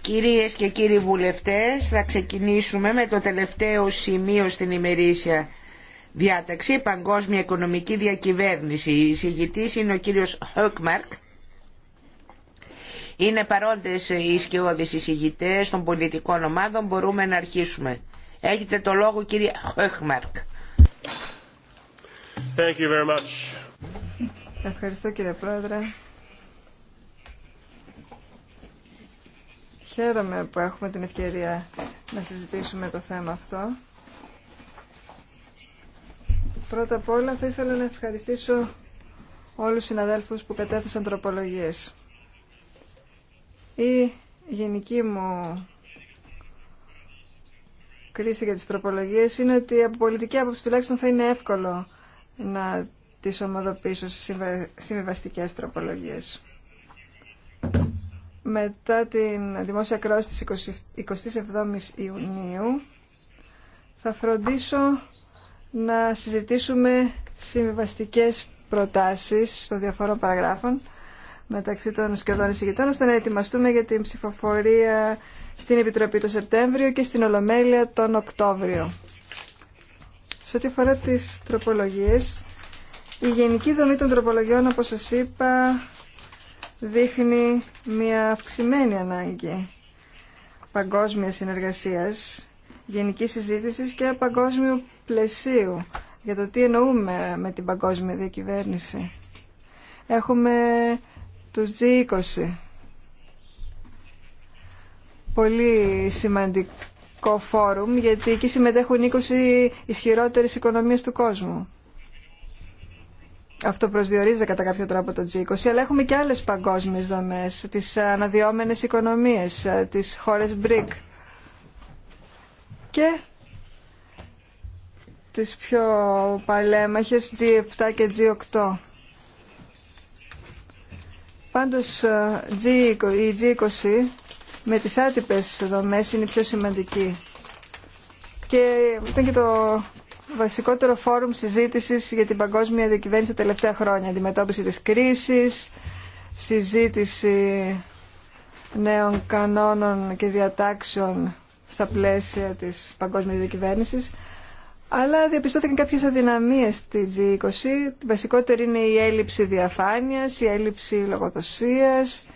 Κυρίες και κύριοι βουλευτές, θα ξεκινήσουμε με το τελευταίο σημείο στην ημερήσια διάταξη, παγκόσμια οικονομική διακυβέρνηση. Η συγητής είναι ο κύριος Χόκμαρκ. Είναι παρόντες οι σκιώδεις εισηγητές των πολιτικών ομάδων. Μπορούμε να αρχίσουμε. Έχετε το λόγο κύριε Χόκμαρκ. Ευχαριστώ κύριε Πρόεδρε. Χαίρομαι που έχουμε την ευκαιρία να συζητήσουμε το θέμα αυτό. Πρώτα απ' όλα θα ήθελα να ευχαριστήσω όλους τους συναδέλφους που κατέθεσαν τροπολογίες. Η γενική μου κρίση για τις τροπολογίες είναι ότι από πολιτική άποψη τουλάχιστον θα είναι εύκολο να τις ομοδοποιήσω σε συμβιβαστικές τροπολογίες. Μετά την δημόσια κρόση της 27ης Ιουνίου θα φροντίσω να συζητήσουμε συμβιβαστικές προτάσεις των διαφόρων παραγράφων μεταξύ των σκευδών εισηγητών ώστε να ετοιμαστούμε για την ψηφοφορία στην Επιτροπή το Σεπτέμβριο και στην Ολομέλεια τον Οκτώβριο. Σε ό,τι αφορά τις τροπολογίες, η γενική δομή των τροπολογιών, όπως σας είπα, δείχνει μια αυξημένη ανάγκη παγκόσμιας συνεργασίας, γενικής συζήτησης και παγκόσμιου πλαισίου για το τι εννοούμε με την παγκόσμια διακυβέρνηση. Έχουμε τους G20. Πολύ σημαντικό φόρουμ γιατί εκεί συμμετέχουν 20 ισχυρότερες οικονομίες του κόσμου αυτό προσδιορίζεται κατά κάποιο τρόπο το G20, αλλά έχουμε και άλλες παγκόσμιες δομές, τις αναδυόμενες οικονομίες, ε, τις χώρες BRIC και τις πιο παλέμαχες G7 και G8. Πάντως ε, η G20 με τις άτυπες δομές είναι πιο σημαντική. Και ήταν και το βασικότερο φόρουμ συζήτησης για την παγκόσμια διακυβέρνηση τα τελευταία χρόνια. Αντιμετώπιση της κρίσης, συζήτηση νέων κανόνων και διατάξεων στα πλαίσια της παγκόσμιας διακυβέρνησης. Αλλά διαπιστώθηκαν κάποιες αδυναμίες στη G20. Η βασικότερη είναι η έλλειψη διαφάνειας, η έλλειψη λογοδοσίας,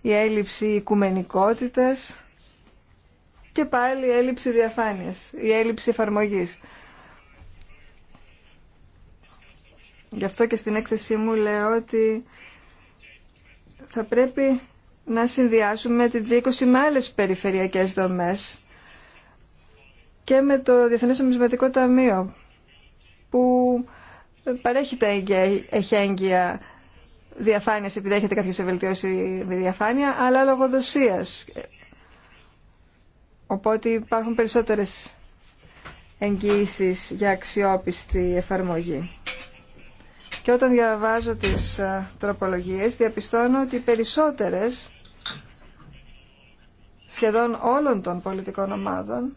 η έλλειψη οικουμενικότητας και πάλι η έλλειψη διαφάνειας, η έλλειψη εφαρμογής. Γι' αυτό και στην έκθεσή μου λέω ότι θα πρέπει να συνδυάσουμε την G20 με άλλες περιφερειακές δομές και με το Διεθνές Ομισματικό Ταμείο που παρέχει τα εχέγγυα διαφάνειας επειδή έχετε βελτιώσει με διαφάνεια αλλά λογοδοσίας. Οπότε υπάρχουν περισσότερες εγγυησει για αξιόπιστη εφαρμογή. Και όταν διαβάζω τις ε, τροπολογίες διαπιστώνω ότι οι περισσότερες σχεδόν όλων των πολιτικών ομάδων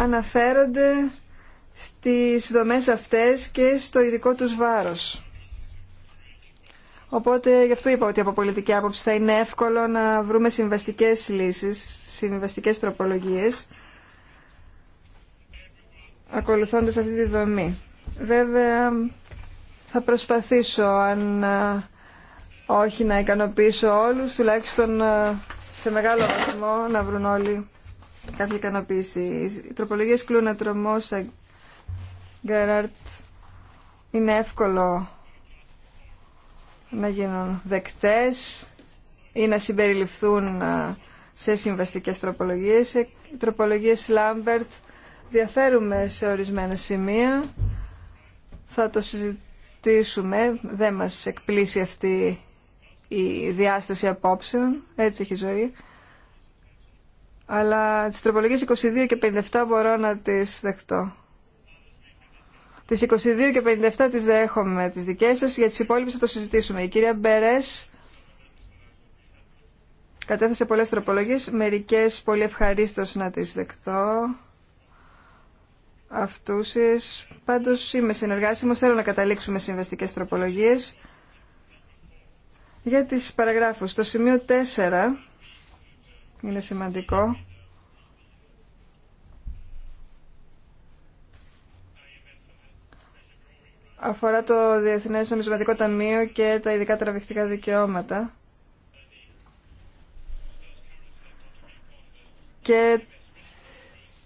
αναφέρονται στις δομές αυτές και στο ειδικό τους βάρος. Οπότε γι' αυτό είπα ότι από πολιτική άποψη θα είναι εύκολο να βρούμε συμβαστικές λύσεις, συμβαστικές τροπολογίες ακολουθώντας αυτή τη δομή. Βέβαια θα προσπαθήσω αν όχι να ικανοποιήσω όλους, τουλάχιστον σε μεγάλο βαθμό να βρουν όλοι κάποια ικανοποίηση. Οι τροπολογίες Κλούνα, Τρομόσα, Γκέραρτ είναι εύκολο να γίνουν δεκτές ή να συμπεριληφθούν σε συμβαστικές τροπολογίες. Οι τροπολογίες Λάμπερτ Διαφέρουμε σε ορισμένα σημεία. Θα το συζητήσουμε. Δεν μας εκπλήσει αυτή η διάσταση απόψεων. Έτσι έχει ζωή. Αλλά τις τροπολογίες 22 και 57 μπορώ να τις δεχτώ. Τις 22 και 57 τις δέχομαι τις δικές σας. Για τις υπόλοιπες θα το συζητήσουμε. Η κυρία Μπερές κατέθεσε πολλές τροπολογίες. Μερικές πολύ ευχαρίστως να τις δεκτώ αυτούσιες. Πάντως είμαι συνεργάσιμος, θέλω να καταλήξουμε συμβαστικές τροπολογίες. Για τις παραγράφους, το σημείο 4 είναι σημαντικό. Αφορά το Διεθνές Νομισματικό Ταμείο και τα ειδικά τραβηχτικά δικαιώματα. Και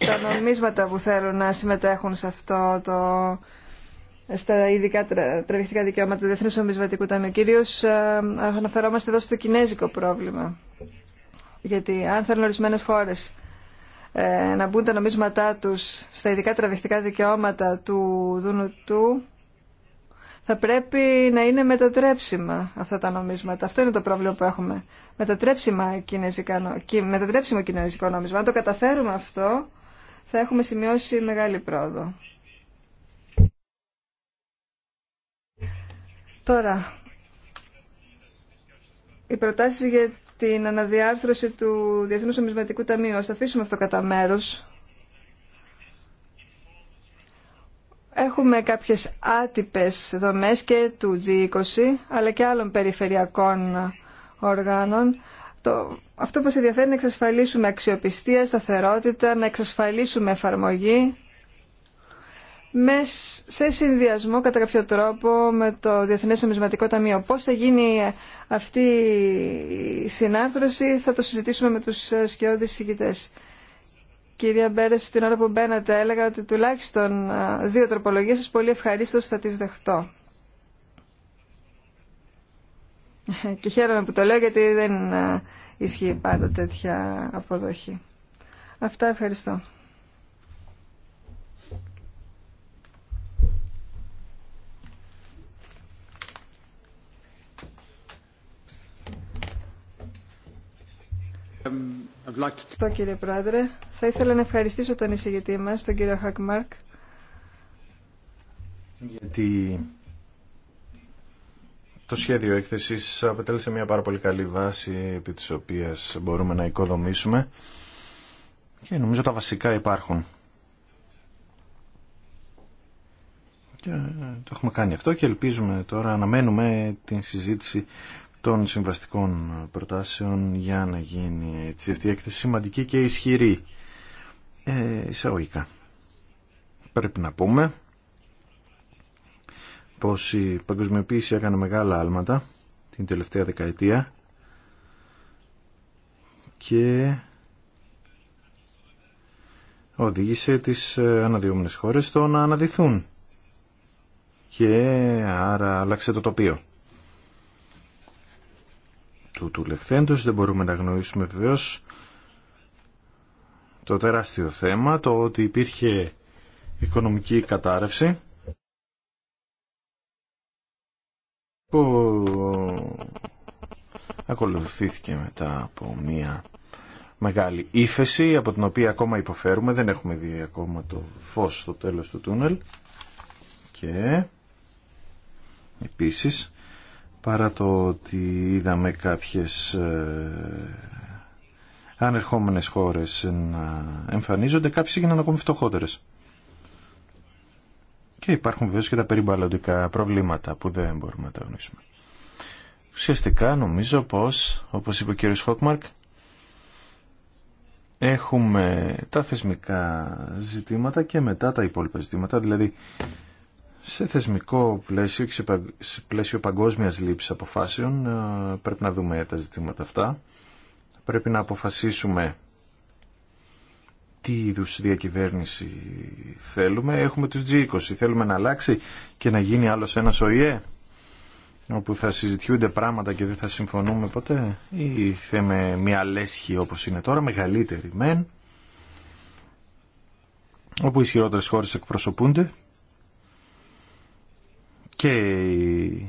τα νομίσματα που θέλουν να συμμετέχουν σε αυτό το, στα ειδικά τραβηχτικά δικαιώματα του Διεθνούς Νομισματικού Ταμείου. Κυρίως ε, αναφερόμαστε εδώ στο κινέζικο πρόβλημα. Γιατί αν θέλουν ορισμένες χώρες ε, να μπουν τα νομίσματά τους στα ειδικά τραβηχτικά δικαιώματα του Δουνουτού, θα πρέπει να είναι μετατρέψιμα αυτά τα νομίσματα. Αυτό είναι το πρόβλημα που έχουμε. Μετατρέψιμα μετατρέψιμο κινέζικο νόμισμα. Αν το καταφέρουμε αυτό, θα έχουμε σημειώσει μεγάλη πρόοδο. Τώρα, οι προτάσεις για την αναδιάρθρωση του Διεθνούς Ομισματικού Ταμείου. Ας το αφήσουμε αυτό κατά μέρο. Έχουμε κάποιες άτυπες δομές και του G20, αλλά και άλλων περιφερειακών οργάνων. Το αυτό που μας ενδιαφέρει είναι να εξασφαλίσουμε αξιοπιστία, σταθερότητα, να εξασφαλίσουμε εφαρμογή σε συνδυασμό κατά κάποιο τρόπο με το Διεθνές Νομισματικό Ταμείο. Πώς θα γίνει αυτή η συνάρθρωση θα το συζητήσουμε με τους ε, σκιώδεις συγκητές. Κυρία Μπέρες, την ώρα που μπαίνατε έλεγα ότι τουλάχιστον ε, δύο τροπολογίες σας πολύ ευχαρίστω θα τις δεχτώ. Και χαίρομαι που το λέω γιατί δεν ε, ισχύει πάντα τέτοια αποδοχή. Αυτά ευχαριστώ. Ευχαριστώ κύριε Πρόεδρε. Θα ήθελα να ευχαριστήσω τον εισηγητή μας, τον κύριο Χακμάρκ. Γιατί το σχέδιο έκθεσης αποτέλεσε μια πάρα πολύ καλή βάση επί της οποίας μπορούμε να οικοδομήσουμε και νομίζω τα βασικά υπάρχουν. Και ε, το έχουμε κάνει αυτό και ελπίζουμε τώρα, να αναμένουμε την συζήτηση των συμβαστικών προτάσεων για να γίνει αυτή η έκθεση σημαντική και ισχυρή ε, εισαγωγικά. Πρέπει να πούμε πως η παγκοσμιοποίηση έκανε μεγάλα άλματα την τελευταία δεκαετία και οδήγησε τις ε, αναδυόμενες χώρες στο να αναδυθούν και άρα άλλαξε το τοπίο. Του του δεν μπορούμε να γνωρίσουμε βεβαίω. το τεράστιο θέμα, το ότι υπήρχε οικονομική κατάρρευση που ακολουθήθηκε μετά από μία μεγάλη ύφεση από την οποία ακόμα υποφέρουμε, δεν έχουμε δει ακόμα το φως στο τέλος του τούνελ και επίσης παρά το ότι είδαμε κάποιες ε, ανερχόμενες χώρες να εμφανίζονται, κάποιες έγιναν ακόμη φτωχότερες. Και υπάρχουν βέβαια και τα περιβαλλοντικά προβλήματα που δεν μπορούμε να τα γνωρίσουμε. Ουσιαστικά νομίζω πως, όπως είπε ο κ. Χόκμαρκ, έχουμε τα θεσμικά ζητήματα και μετά τα υπόλοιπα ζητήματα, δηλαδή σε θεσμικό πλαίσιο και σε πλαίσιο παγκόσμιας λήψης αποφάσεων ε, πρέπει να δούμε τα ζητήματα αυτά. Πρέπει να αποφασίσουμε τι είδου διακυβέρνηση θέλουμε. Έχουμε τους G20. Θέλουμε να αλλάξει και να γίνει άλλος ένας ΟΗΕ όπου θα συζητιούνται πράγματα και δεν θα συμφωνούμε ποτέ ή θέμε μια λέσχη όπως είναι τώρα, μεγαλύτερη μεν όπου οι ισχυρότερες χώρες εκπροσωπούνται και οι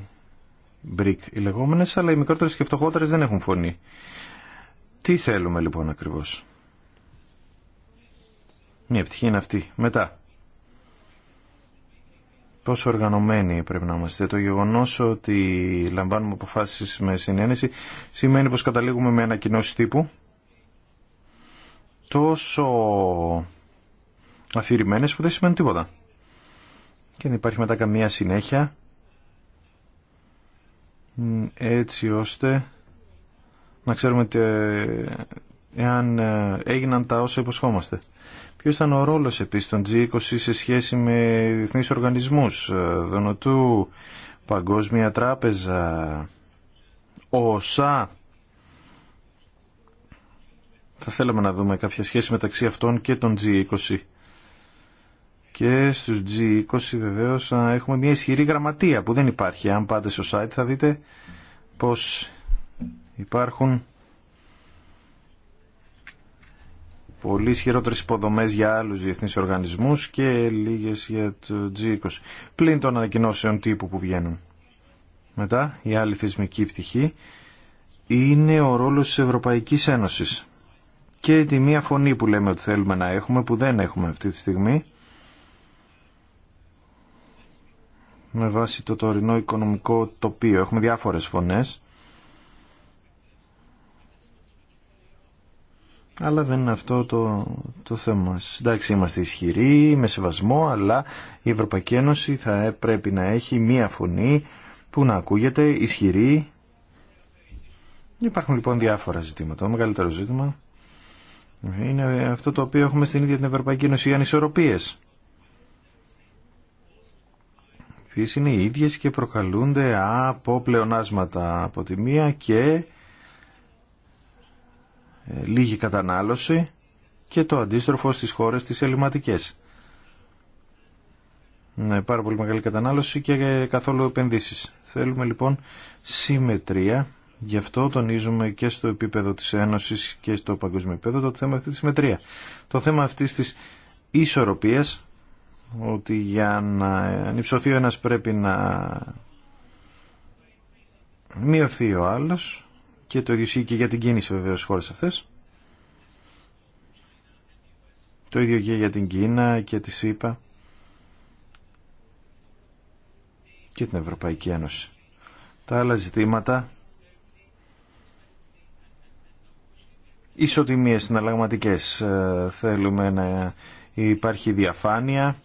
BRIC οι λεγόμενες αλλά οι μικρότερες και φτωχότερες δεν έχουν φωνή. Τι θέλουμε λοιπόν ακριβώς. Μια επιτυχία είναι αυτή. Μετά. Πόσο οργανωμένοι πρέπει να είμαστε. Το γεγονός ότι λαμβάνουμε αποφάσεις με συνένεση σημαίνει πως καταλήγουμε με ανακοινώσει τύπου τόσο αφηρημένε που δεν σημαίνουν τίποτα. Και δεν υπάρχει μετά καμία συνέχεια έτσι ώστε να ξέρουμε εάν ε, έγιναν τα όσα υποσχόμαστε. Ποιο ήταν ο ρόλο επίση των G20 σε σχέση με διεθνεί οργανισμού, ε, Δονοτού, Παγκόσμια Τράπεζα, ΟΣΑ. Θα θέλαμε να δούμε κάποια σχέση μεταξύ αυτών και των G20. Και στους G20 βεβαίως ε, έχουμε μια ισχυρή γραμματεία που δεν υπάρχει. Αν πάτε στο site θα δείτε πως υπάρχουν πολύ ισχυρότερε υποδομέ για άλλους διεθνεί οργανισμούς και λίγες για το G20, πλην των ανακοινώσεων τύπου που βγαίνουν. Μετά, η άλλη θεσμική πτυχή είναι ο ρόλος της Ευρωπαϊκής Ένωσης και τη μία φωνή που λέμε ότι θέλουμε να έχουμε, που δεν έχουμε αυτή τη στιγμή, με βάση το τωρινό οικονομικό τοπίο. Έχουμε διάφορες φωνές Αλλά δεν είναι αυτό το, το θέμα. Εντάξει, είμαστε ισχυροί, με σεβασμό, αλλά η Ευρωπαϊκή Ένωση θα ε, πρέπει να έχει μία φωνή που να ακούγεται ισχυρή. Υπάρχουν λοιπόν διάφορα ζητήματα. Το μεγαλύτερο ζήτημα είναι αυτό το οποίο έχουμε στην ίδια την Ευρωπαϊκή Ένωση, οι ανισορροπίες. Οι είναι οι ίδιες και προκαλούνται από πλεονάσματα από τη μία και ε, λίγη κατανάλωση και το αντίστροφο στις χώρες τις ελληματικές. Ναι, πάρα πολύ μεγάλη κατανάλωση και ε, καθόλου επενδύσεις. Θέλουμε λοιπόν συμμετρία, γι' αυτό τονίζουμε και στο επίπεδο της Ένωσης και στο παγκόσμιο επίπεδο το θέμα αυτή της συμμετρία. Το θέμα αυτής της ισορροπίας, ότι για να ανυψωθεί ο ένας πρέπει να μειωθεί ο άλλος, και το ίδιο ισχύει και για την κίνηση βεβαίως χώρες αυτές. Το ίδιο και για την Κίνα και τη ΣΥΠΑ και την Ευρωπαϊκή Ένωση. Τα άλλα ζητήματα ισοτιμίες συναλλαγματικές ε, θέλουμε να υπάρχει διαφάνεια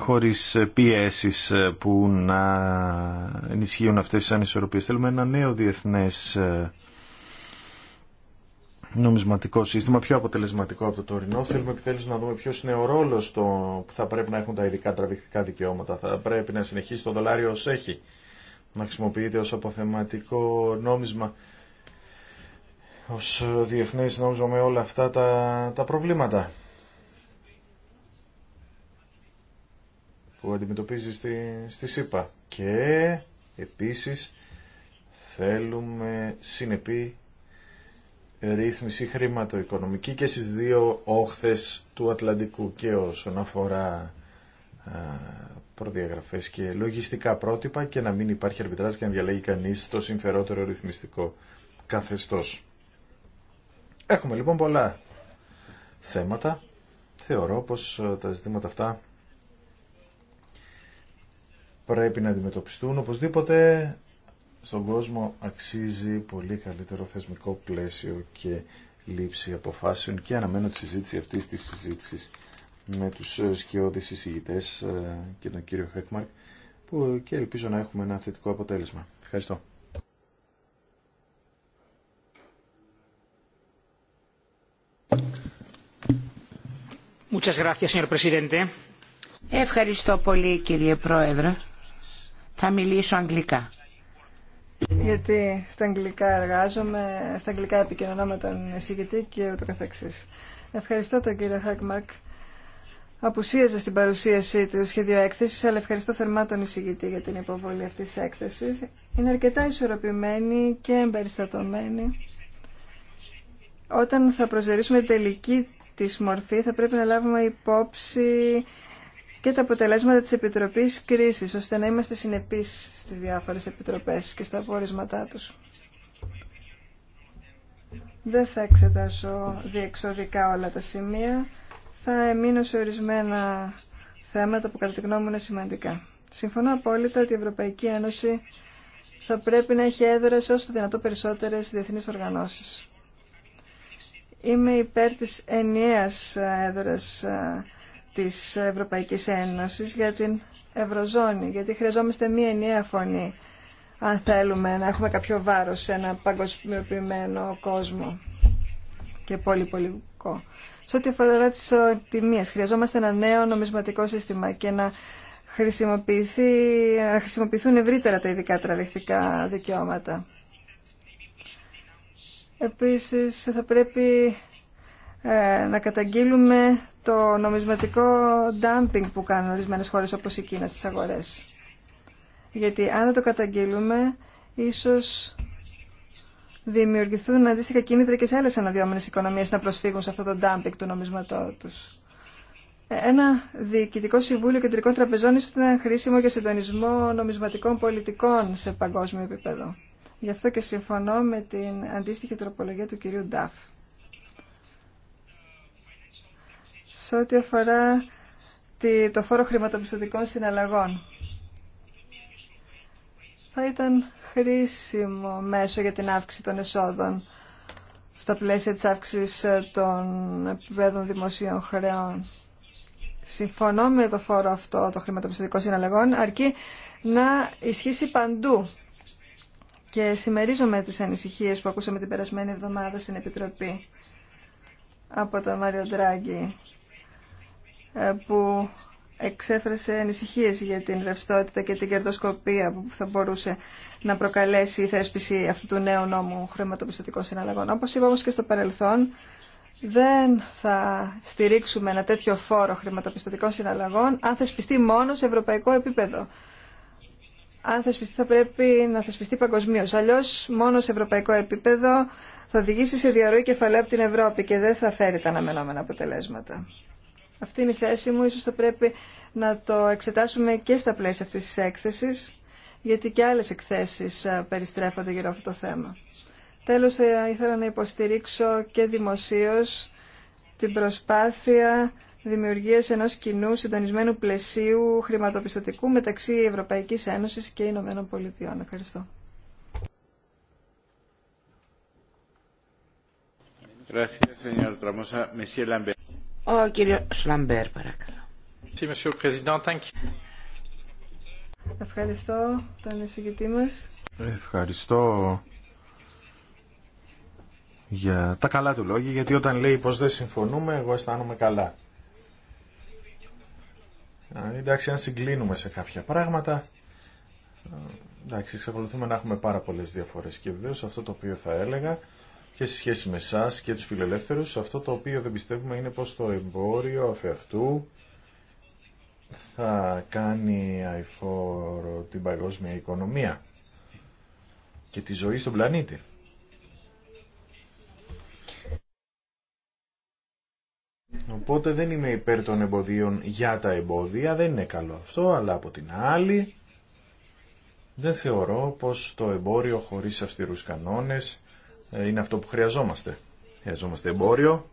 χωρίς πιέσεις ε, που να ενισχύουν αυτές τις ανισορροπίες. Θέλουμε ένα νέο διεθνές ε, νομισματικό σύστημα, πιο αποτελεσματικό από το τωρινό. Θέλουμε επιτέλους να δούμε ποιος είναι ο ρόλος το που θα πρέπει να έχουν τα ειδικά τραβηχτικά δικαιώματα. Θα πρέπει να συνεχίσει το δολάριο ως έχει, να χρησιμοποιείται ως αποθεματικό νόμισμα ως διεθνές νόμισμα με όλα αυτά τα, τα προβλήματα. που αντιμετωπίζει στη, στη ΣΥΠΑ. Και επίσης θέλουμε συνεπή ρύθμιση χρηματοοικονομική και στις δύο όχθες του Ατλαντικού και όσον αφορά α, προδιαγραφές και λογιστικά πρότυπα και να μην υπάρχει αρμπιτράζ και να διαλέγει κανείς το συμφερότερο ρυθμιστικό καθεστώς. Έχουμε λοιπόν πολλά θέματα. Θεωρώ πως ε, τα ζητήματα αυτά πρέπει να αντιμετωπιστούν οπωσδήποτε στον κόσμο αξίζει πολύ καλύτερο θεσμικό πλαίσιο και λήψη αποφάσεων και αναμένω τη συζήτηση αυτή τη συζήτηση με τους ε, σκιώδεις συζητητέ ε, και τον κύριο Χέκμαρκ που ε, και ελπίζω να έχουμε ένα θετικό αποτέλεσμα. Ευχαριστώ. Ευχαριστώ πολύ κύριε Πρόεδρε. Θα μιλήσω αγγλικά. Γιατί στα αγγλικά εργάζομαι, στα αγγλικά επικοινωνώ με τον εισηγητή και ούτω καθεξής. Ευχαριστώ τον κύριο Χάκμαρκ. Απουσίαζε στην παρουσίασή του σχέδιο έκθεση, αλλά ευχαριστώ θερμά τον εισηγητή για την υποβολή αυτή τη έκθεση. Είναι αρκετά ισορροπημένη και εμπεριστατωμένη. Όταν θα προσδιορίσουμε τελική τη μορφή θα πρέπει να λάβουμε υπόψη και τα αποτελέσματα της Επιτροπής Κρίσης, ώστε να είμαστε συνεπείς στις διάφορες επιτροπές και στα πόρισματά τους. Δεν θα εξετάσω διεξοδικά όλα τα σημεία, θα εμείνω σε ορισμένα θέματα που κατά τη γνώμη μου είναι σημαντικά. Συμφωνώ απόλυτα ότι η Ευρωπαϊκή Ένωση θα πρέπει να έχει έδρα σε όσο το δυνατό περισσότερες διεθνείς οργανώσεις. Είμαι υπέρ της ενιαίας έδρα της Ευρωπαϊκής Ένωσης για την Ευρωζώνη, γιατί χρειαζόμαστε μία ενιαία φωνή αν θέλουμε να έχουμε κάποιο βάρος σε ένα παγκοσμιοποιημένο κόσμο και πολυπολικό. Σε ό,τι αφορά τις τιμίες χρειαζόμαστε ένα νέο νομισματικό σύστημα και να, χρησιμοποιηθεί, να χρησιμοποιηθούν ευρύτερα τα ειδικά τραβηχτικά δικαιώματα. Επίσης θα πρέπει ε, να καταγγείλουμε το νομισματικό dumping που κάνουν ορισμένες χώρες όπως η Κίνα στις αγορές. Γιατί αν δεν το καταγγείλουμε, ίσως δημιουργηθούν αντίστοιχα κίνητρα και σε άλλες αναδυόμενες οικονομίες να προσφύγουν σε αυτό το dumping του νομισματό τους. Ε, ένα διοικητικό συμβούλιο κεντρικών τραπεζών ίσως ήταν χρήσιμο για συντονισμό νομισματικών πολιτικών σε παγκόσμιο επίπεδο. Γι' αυτό και συμφωνώ με την αντίστοιχη τροπολογία του κυρίου Νταφ. σε ό,τι αφορά το φόρο χρηματοπιστωτικών συναλλαγών. Θα ήταν χρήσιμο μέσο για την αύξηση των εσόδων στα πλαίσια της αύξησης ε, των επιπέδων δημοσίων χρεών. Συμφωνώ με το φόρο αυτό το χρηματοπιστωτικό συναλλαγών, αρκεί να ισχύσει παντού. Και συμμερίζομαι τις ανησυχίες που ακούσαμε την περασμένη εβδομάδα στην Επιτροπή από τον Μάριο Ντράγκη ε, που εξέφρασε ανησυχίες για την ρευστότητα και την κερδοσκοπία που θα μπορούσε να προκαλέσει η θέσπιση αυτού του νέου νόμου χρηματοπιστωτικών συναλλαγών. Όπως είπα όμως και στο παρελθόν, δεν θα στηρίξουμε ένα τέτοιο φόρο χρηματοπιστωτικών συναλλαγών αν θεσπιστεί μόνο σε ευρωπαϊκό επίπεδο. Αν θεσπιστεί θα πρέπει να θεσπιστεί παγκοσμίω. Αλλιώ μόνο σε ευρωπαϊκό επίπεδο θα οδηγήσει σε διαρροή κεφαλαίου από την Ευρώπη και δεν θα φέρει τα αναμενόμενα αποτελέσματα. Αυτή είναι η θέση μου. Ίσως θα πρέπει να το εξετάσουμε και στα πλαίσια αυτής της έκθεσης, γιατί και άλλες εκθέσεις περιστρέφονται γύρω αυτό το θέμα. Τέλος, θα ήθελα να υποστηρίξω και δημοσίως την προσπάθεια δημιουργίας ενός κοινού συντονισμένου πλαισίου χρηματοπιστωτικού μεταξύ Ευρωπαϊκής Ένωσης και Ηνωμένων Πολιτειών. Ευχαριστώ. Ο κύριος Λαμπέρ, παρακαλώ. Ευχαριστώ τον εισηγητή μας. Ευχαριστώ για τα καλά του λόγια, γιατί όταν λέει πως δεν συμφωνούμε, εγώ αισθάνομαι καλά. Εντάξει, αν συγκλίνουμε σε κάποια πράγματα, ε, εντάξει, εξακολουθούμε να έχουμε πάρα πολλές διαφορές και βεβαίω αυτό το οποίο θα έλεγα και σε σχέση με εσά και τους φιλελεύθερου αυτό το οποίο δεν πιστεύουμε είναι πως το εμπόριο αυτού θα κάνει αηφόρο την παγκόσμια οικονομία και τη ζωή στον πλανήτη. Οπότε δεν είμαι υπέρ των εμποδίων για τα εμπόδια, δεν είναι καλό αυτό, αλλά από την άλλη δεν θεωρώ πως το εμπόριο χωρίς αυστηρούς κανόνες ε, είναι αυτό που χρειαζόμαστε. Χρειαζόμαστε εμπόριο,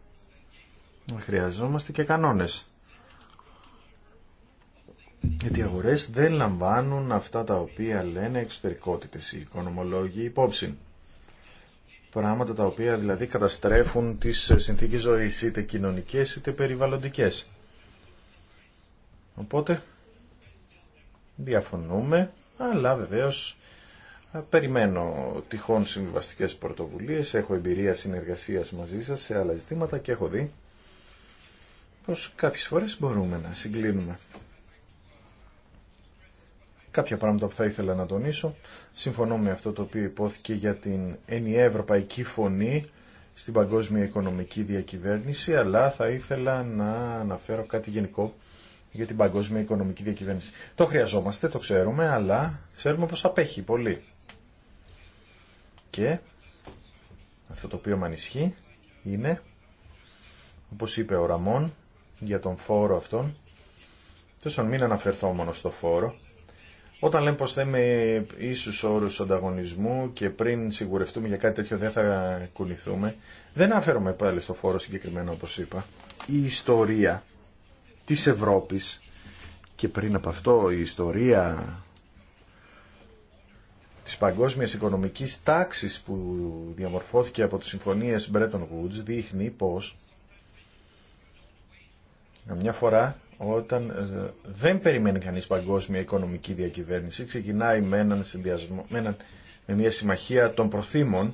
χρειαζόμαστε και κανόνες. Γιατί οι αγορές δεν λαμβάνουν αυτά τα οποία λένε εξωτερικότητες οι οικονομολόγοι υπόψη. Πράγματα τα οποία δηλαδή καταστρέφουν τις συνθήκες ζωής είτε κοινωνικές είτε περιβαλλοντικές. Οπότε διαφωνούμε, αλλά βεβαίως ε, περιμένω τυχόν συμβιβαστικές πρωτοβουλίες, έχω εμπειρία συνεργασίας μαζί σας σε άλλα ζητήματα και έχω δει πως κάποιες φορές μπορούμε να συγκλίνουμε. Κάποια πράγματα που θα ήθελα να τονίσω. Συμφωνώ με αυτό το οποίο υπόθηκε για την ενιαία ευρωπαϊκή φωνή στην παγκόσμια οικονομική διακυβέρνηση, αλλά θα ήθελα να αναφέρω κάτι γενικό για την παγκόσμια οικονομική διακυβέρνηση. Το χρειαζόμαστε, το ξέρουμε, αλλά ξέρουμε πως απέχει πολύ. Και αυτό το οποίο με ανισχύει είναι, όπως είπε ο Ραμόν για τον φόρο αυτόν, τόσο μην αναφερθώ μόνο στο φόρο, όταν λέμε πως θέμε ίσους όρους ανταγωνισμού και πριν σιγουρευτούμε για κάτι τέτοιο δεν θα κουνηθούμε, δεν αναφέρομαι πάλι στο φόρο συγκεκριμένο όπως είπα. Η ιστορία της Ευρώπης και πριν από αυτό η ιστορία της παγκόσμιας οικονομικής τάξης που διαμορφώθηκε από τις συμφωνίες Bretton Woods δείχνει πως μια φορά όταν ε, δεν περιμένει κανείς παγκόσμια οικονομική διακυβέρνηση ξεκινάει με έναν συνδυασμό, με, έναν, με μια συμμαχία των προθήμων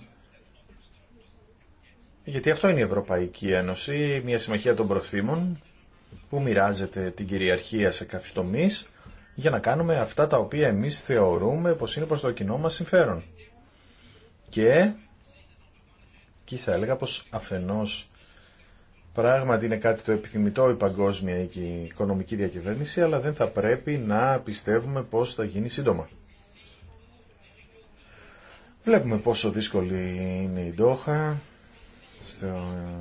γιατί αυτό είναι η Ευρωπαϊκή Ένωση, μια συμμαχία των προθήμων που μοιράζεται την κυριαρχία σε κάποιους τομείς για να κάνουμε αυτά τα οποία εμείς θεωρούμε πως είναι προς το κοινό μας συμφέρον. Και, και θα έλεγα πως αφενός πράγματι είναι κάτι το επιθυμητό η παγκόσμια και η οικονομική διακυβέρνηση, αλλά δεν θα πρέπει να πιστεύουμε πως θα γίνει σύντομα. Βλέπουμε πόσο δύσκολη είναι η Ντόχα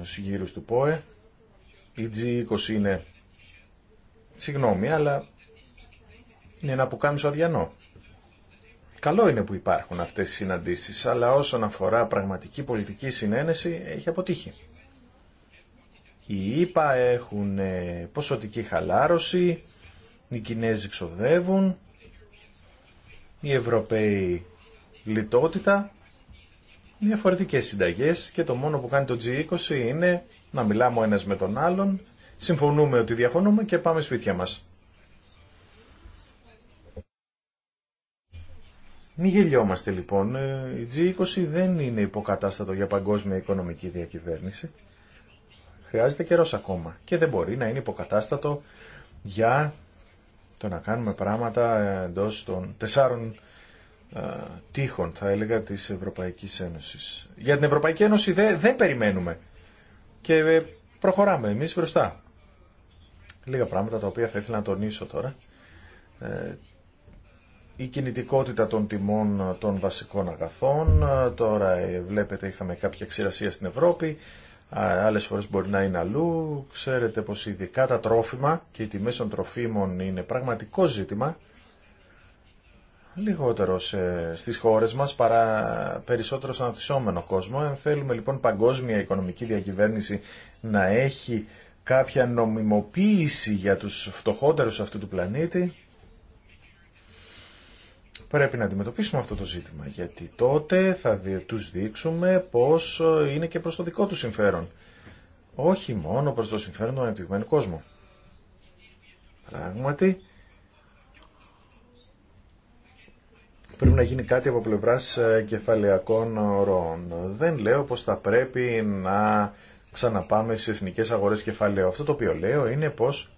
στους γύρους του ΠΟΕ. Η G20 είναι, συγγνώμη, αλλά είναι ένα πουκάμισο αδιανό. Καλό είναι που υπάρχουν αυτές οι συναντήσεις, αλλά όσον αφορά πραγματική πολιτική συνένεση έχει αποτύχει. Οι ΙΠΑ έχουν ε, ποσοτική χαλάρωση, οι Κινέζοι ξοδεύουν, οι Ευρωπαίοι λιτότητα, διαφορετικές συνταγές και το μόνο που κάνει το G20 είναι να μιλάμε ο ένας με τον άλλον, συμφωνούμε ότι διαφωνούμε και πάμε σπίτια μας. Μην γελιόμαστε λοιπόν. Ε, η G20 δεν είναι υποκατάστατο για παγκόσμια οικονομική διακυβέρνηση. Χρειάζεται καιρό ακόμα και δεν μπορεί να είναι υποκατάστατο για το να κάνουμε πράγματα εντό των τεσσάρων ε, τείχων, θα έλεγα, τη ευρωπαϊκή Ένωση. Για την Ευρωπαϊκή Ένωση δεν, δεν περιμένουμε και ε, προχωράμε εμείς μπροστά. Λίγα πράγματα τα οποία θα ήθελα να τονίσω τώρα η κινητικότητα των τιμών των βασικών αγαθών. Τώρα ε, βλέπετε είχαμε κάποια ξηρασία στην Ευρώπη, άλλες φορές μπορεί να είναι αλλού. Ξέρετε πως ειδικά τα τρόφιμα και οι τιμές των τροφίμων είναι πραγματικό ζήτημα. Λιγότερο σε, στις χώρες μας παρά περισσότερο στον αναπτυσσόμενο κόσμο. Αν θέλουμε λοιπόν παγκόσμια οικονομική διακυβέρνηση να έχει κάποια νομιμοποίηση για τους φτωχότερους αυτού του πλανήτη, Πρέπει να αντιμετωπίσουμε αυτό το ζήτημα, γιατί τότε θα τους δείξουμε πως ε, είναι και προς το δικό του συμφέρον. Όχι μόνο προς το συμφέρον του ανεπτυγμένου κόσμου. Πράγματι, πρέπει να γίνει κάτι από πλευράς ε, κεφαλαιακών ροών. Δεν λέω πως θα πρέπει να ξαναπάμε στις εθνικές αγορές κεφαλαίου. Αυτό το οποίο λέω είναι πως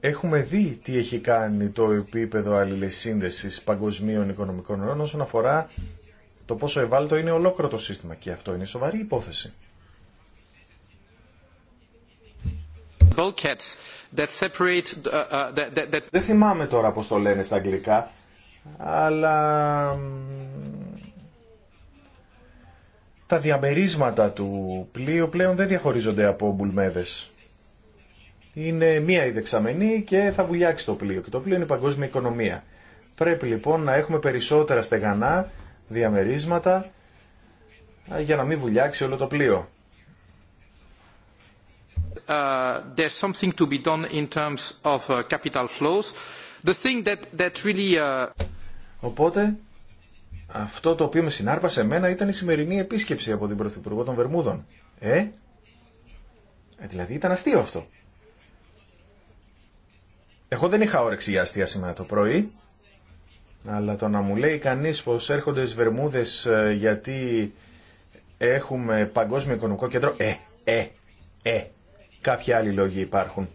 Έχουμε δει τι έχει κάνει το επίπεδο αλληλεσύνδεσης παγκοσμίων οικονομικών ροών όσον αφορά το πόσο ευάλωτο είναι ολόκληρο το σύστημα και αυτό είναι σοβαρή υπόθεση. Uh, uh, δεν θυμάμαι τώρα πώς το λένε στα αγγλικά, αλλά τα διαμερίσματα του πλοίου πλέον δεν διαχωρίζονται από μπουλμέδες είναι μία η δεξαμενή και θα βουλιάξει το πλοίο. Και το πλοίο είναι η παγκόσμια οικονομία. Πρέπει λοιπόν να έχουμε περισσότερα στεγανά, διαμερίσματα, για να μην βουλιάξει όλο το πλοίο. Οπότε, αυτό το οποίο με συνάρπασε εμένα ήταν η σημερινή επίσκεψη από την Πρωθυπουργό των Βερμούδων. Ε, ε δηλαδή ήταν αστείο αυτό. Εγώ δεν είχα όρεξη για αστεία σήμερα το πρωί, αλλά το να μου λέει κανείς πως έρχονται στις ε, γιατί έχουμε παγκόσμιο οικονομικό κέντρο, ε, ε, ε, Κάποια άλλη λόγοι υπάρχουν.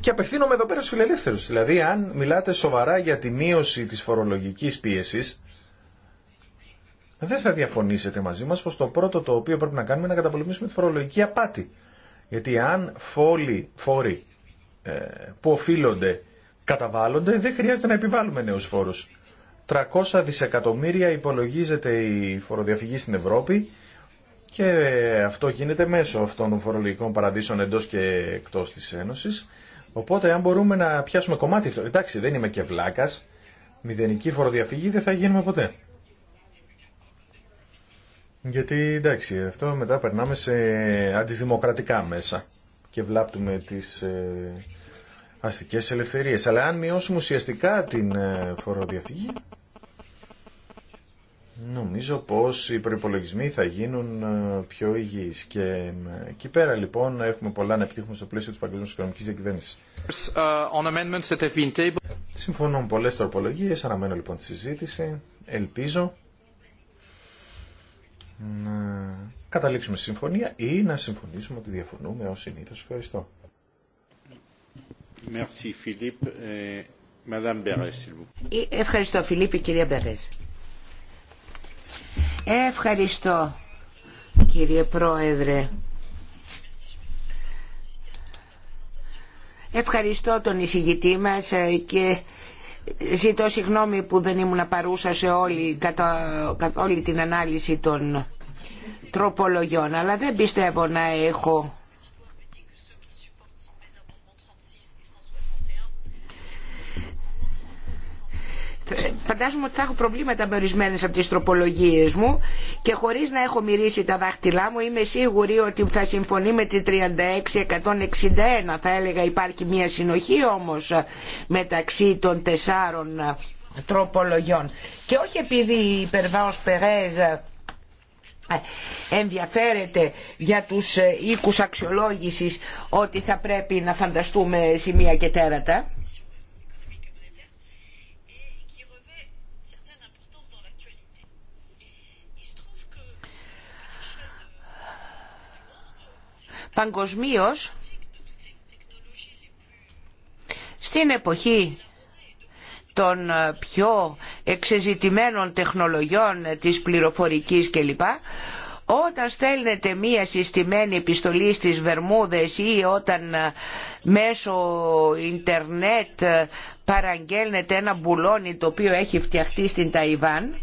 Και απευθύνομαι εδώ πέρα στους φιλελεύθερους. Δηλαδή, αν μιλάτε σοβαρά για τη μείωση της φορολογικής πίεσης, δεν θα διαφωνήσετε μαζί μας πως το πρώτο το οποίο πρέπει να κάνουμε είναι να καταπολεμήσουμε τη φορολογική απάτη. Γιατί αν φόροι, φόροι ε, που οφείλονται καταβάλλονται, δεν χρειάζεται να επιβάλλουμε νέους φόρους. 300 δισεκατομμύρια υπολογίζεται η φοροδιαφυγή στην Ευρώπη και αυτό γίνεται μέσω αυτών των φορολογικών παραδείσων εντός και εκτός της Ένωσης. Οπότε αν μπορούμε να πιάσουμε κομμάτι, εντάξει δεν είμαι και βλάκας, μηδενική φοροδιαφυγή δεν θα γίνουμε ποτέ. Γιατί εντάξει, αυτό μετά περνάμε σε αντιδημοκρατικά μέσα και βλάπτουμε τις ε, αστικές ελευθερίες. Αλλά αν μειώσουμε ουσιαστικά την ε, φοροδιαφυγή, νομίζω πως οι προπολογισμοί θα γίνουν ε, πιο υγιείς. Και εκεί πέρα λοιπόν έχουμε πολλά να επιτύχουμε στο πλαίσιο της παγκόσμια οικονομικής διακυβέρνησης. Uh, Συμφωνώ με πολλές τροπολογίες, αναμένω λοιπόν τη συζήτηση. Ελπίζω να καταλήξουμε συμφωνία ή να συμφωνήσουμε ότι διαφωνούμε ως συνήθως. Ευχαριστώ. Ε, ε, ευχαριστώ Φιλίππη, κυρία Μπερές. Ευχαριστώ κύριε Πρόεδρε. Ευχαριστώ τον εισηγητή μας ε, και ζητώ συγγνώμη που δεν ήμουν παρούσα σε όλη, κατα, όλη την ανάλυση των τροπολογιών, αλλά δεν πιστεύω να έχω φαντάζομαι ότι θα έχω προβλήματα με ορισμένε από τι τροπολογίε μου και χωρί να έχω μυρίσει τα δάχτυλά μου είμαι σίγουρη ότι θα συμφωνεί με τη 36-161. Θα έλεγα υπάρχει μια συνοχή όμω μεταξύ των τεσσάρων τροπολογιών. Και όχι επειδή η Περβάος Περέζα ε, ενδιαφέρεται για τους ε, οίκους αξιολόγησης ότι θα πρέπει να φανταστούμε σημεία και τέρατα. Παγκοσμίως, στην εποχή των ε, πιο εξεζητημένων τεχνολογιών ε, της πληροφορικής κλπ. Όταν στέλνετε μία συστημένη επιστολή στις Βερμούδες ή όταν ε, μέσω ίντερνετ παραγγέλνετε ένα μπουλόνι το οποίο έχει φτιαχτεί στην Ταϊβάν,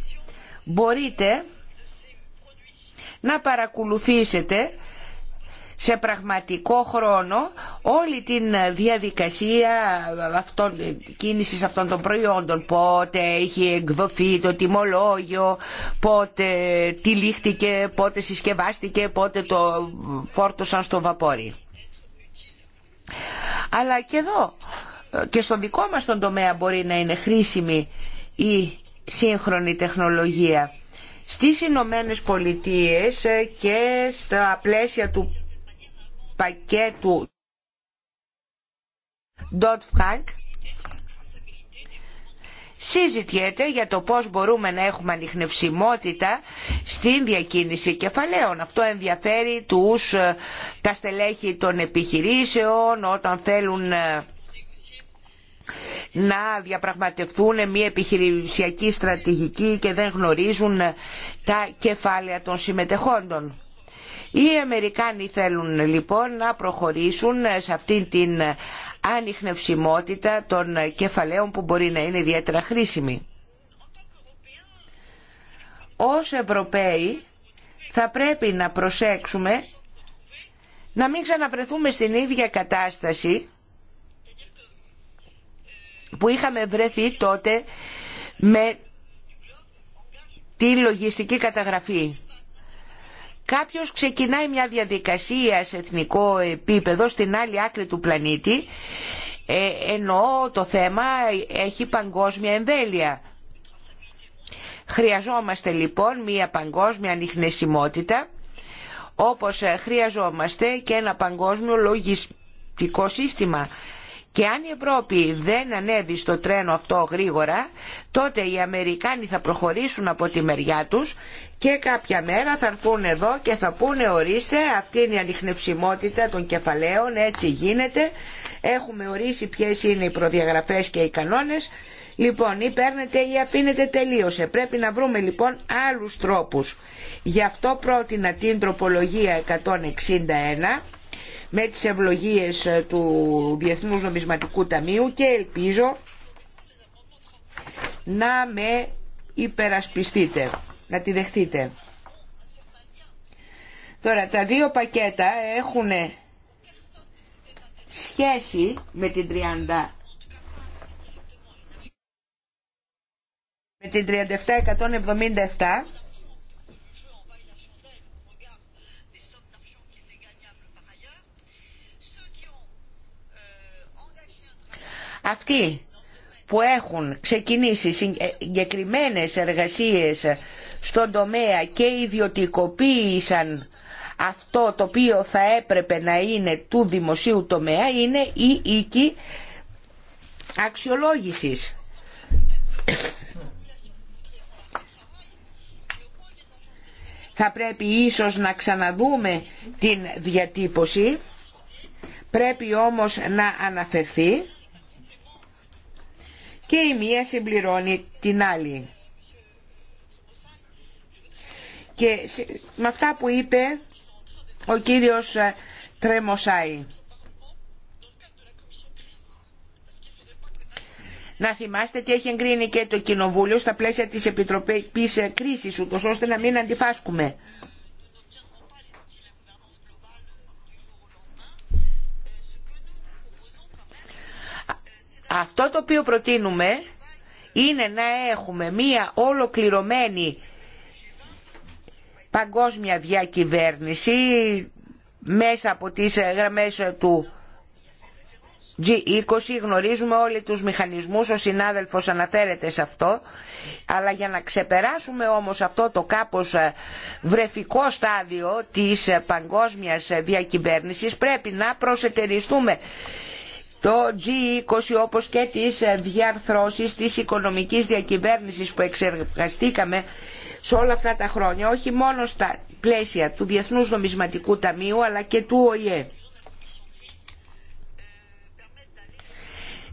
μπορείτε να παρακολουθήσετε σε πραγματικό χρόνο όλη την διαδικασία αυτών, κίνησης αυτών των προϊόντων. Πότε έχει εκδοθεί το τιμολόγιο, πότε τυλίχτηκε, πότε συσκευάστηκε, πότε το φόρτωσαν στο βαπόρι. Αλλά και εδώ και στο δικό μας τον τομέα μπορεί να είναι χρήσιμη η σύγχρονη τεχνολογία. Στις Ηνωμένε Πολιτείες και στα πλαίσια του πακέτου Dodd-Frank συζητιέται για το πώς μπορούμε να έχουμε ανιχνευσιμότητα στην διακίνηση κεφαλαίων. Αυτό ενδιαφέρει τους, ε, τα στελέχη των επιχειρήσεων όταν θέλουν ε, να διαπραγματευτούν μια επιχειρησιακή στρατηγική και δεν γνωρίζουν ε, τα κεφάλαια των συμμετεχόντων. Οι Αμερικάνοι θέλουν λοιπόν να προχωρήσουν σε αυτή την ανιχνευσιμότητα των κεφαλαίων που μπορεί να είναι ιδιαίτερα χρήσιμη. Ως Ευρωπαίοι θα πρέπει να προσέξουμε να μην ξαναβρεθούμε στην ίδια κατάσταση που είχαμε βρεθεί τότε με τη λογιστική καταγραφή κάποιος ξεκινάει μια διαδικασία σε εθνικό επίπεδο στην άλλη άκρη του πλανήτη ε, ενώ το θέμα έχει παγκόσμια εμβέλεια. Χρειαζόμαστε λοιπόν μια παγκόσμια ανιχνεσιμότητα όπως χρειαζόμαστε και ένα παγκόσμιο λογιστικό σύστημα και αν η Ευρώπη δεν ανέβει στο τρένο αυτό γρήγορα, τότε οι Αμερικάνοι θα προχωρήσουν από τη μεριά τους και κάποια μέρα θα έρθουν εδώ και θα πούνε ορίστε αυτή είναι η ανιχνευσιμότητα των κεφαλαίων, έτσι γίνεται, έχουμε ορίσει ποιες είναι οι προδιαγραφές και οι κανόνες, Λοιπόν, ή παίρνετε ή αφήνετε τελείωσε. Πρέπει να βρούμε λοιπόν άλλους τρόπους. Γι' αυτό πρότεινα την τροπολογία 161 με τις ευλογίες ε, του Διεθνούς Νομισματικού Ταμείου και ελπίζω να με υπερασπιστείτε, να τη δεχτείτε. Τώρα τα δύο πακέτα έχουν σχέση με την 30 με την 3777 Αυτοί που έχουν ξεκινήσει συγκεκριμένε εργασίες στον τομέα και ιδιωτικοποίησαν αυτό το οποίο θα έπρεπε να είναι του δημοσίου τομέα είναι η οίκη αξιολόγησης. Θα πρέπει ίσως να ξαναδούμε την διατύπωση, πρέπει όμως να αναφερθεί και η μία συμπληρώνει την άλλη. Και με αυτά που είπε ο κύριος ε, Τρέμοσάη. Να θυμάστε τι έχει εγκρίνει και το Κοινοβούλιο στα πλαίσια της Επιτροπής ε, Κρίσης, ούτως ώστε να μην αντιφάσκουμε. Αυτό το οποίο προτείνουμε είναι να έχουμε μία ολοκληρωμένη παγκόσμια διακυβέρνηση μέσα από τις ε, γραμμές ε, του G20 γνωρίζουμε όλοι τους μηχανισμούς, ο συνάδελφος αναφέρεται σε αυτό, αλλά για να ξεπεράσουμε όμως αυτό το κάπως ε, βρεφικό στάδιο της παγκόσμιας διακυβέρνησης πρέπει να προσετεριστούμε το G20 όπως και τις διαρθρώσεις της οικονομικής διακυβέρνησης που εξεργαστήκαμε σε όλα αυτά τα χρόνια, όχι μόνο στα πλαίσια του Διεθνούς Νομισματικού Ταμείου αλλά και του ΟΗΕ.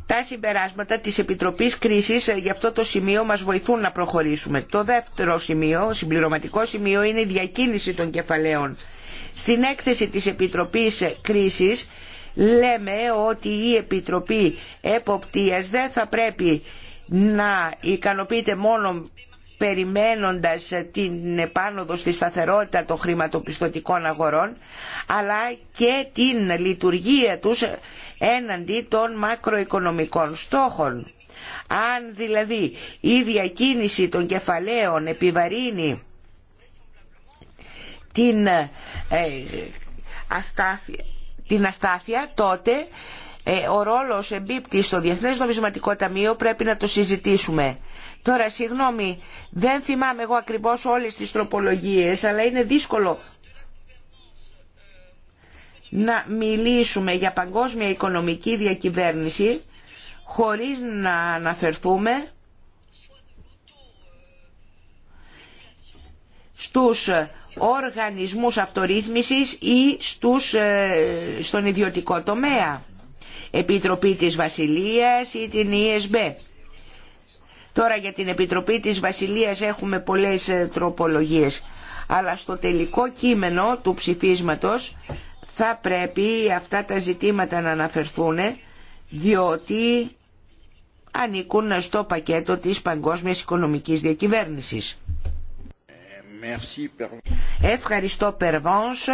Τα συμπεράσματα της Επιτροπής Κρίσης ε, για αυτό το σημείο μας βοηθούν να προχωρήσουμε. Το δεύτερο σημείο, συμπληρωματικό σημείο, είναι η διακίνηση των κεφαλαίων. Στην έκθεση της Επιτροπής ε, Κρίσης λέμε ότι η Επιτροπή Εποπτείας δεν θα πρέπει να ικανοποιείται μόνο περιμένοντας την επάνωδο στη σταθερότητα των χρηματοπιστωτικών αγορών αλλά και την λειτουργία τους έναντι των μακροοικονομικών στόχων. Αν δηλαδή η διακίνηση των κεφαλαίων επιβαρύνει την ε, ε, αστάθεια την αστάθεια, τότε ε, ο ρόλος εμπίπτει στο Διεθνές Νομισματικό Ταμείο πρέπει να το συζητήσουμε. Τώρα, συγγνώμη, δεν θυμάμαι εγώ ακριβώς όλες τις τροπολογίες, αλλά είναι δύσκολο να μιλήσουμε για παγκόσμια οικονομική διακυβέρνηση χωρίς να αναφερθούμε στους οργανισμούς αυτορύθμισης ή στους, ε, στον ιδιωτικό τομέα. Επιτροπή της Βασιλείας ή την ESB. Τώρα για την Επιτροπή της Βασιλείας έχουμε πολλές ε, τροπολογίες. Αλλά στο τελικό κείμενο του ψηφίσματος θα πρέπει αυτά τα ζητήματα να αναφερθούν διότι ανήκουν στο πακέτο της παγκόσμιας οικονομικής διακυβέρνησης. Ευχαριστώ Περβόνς.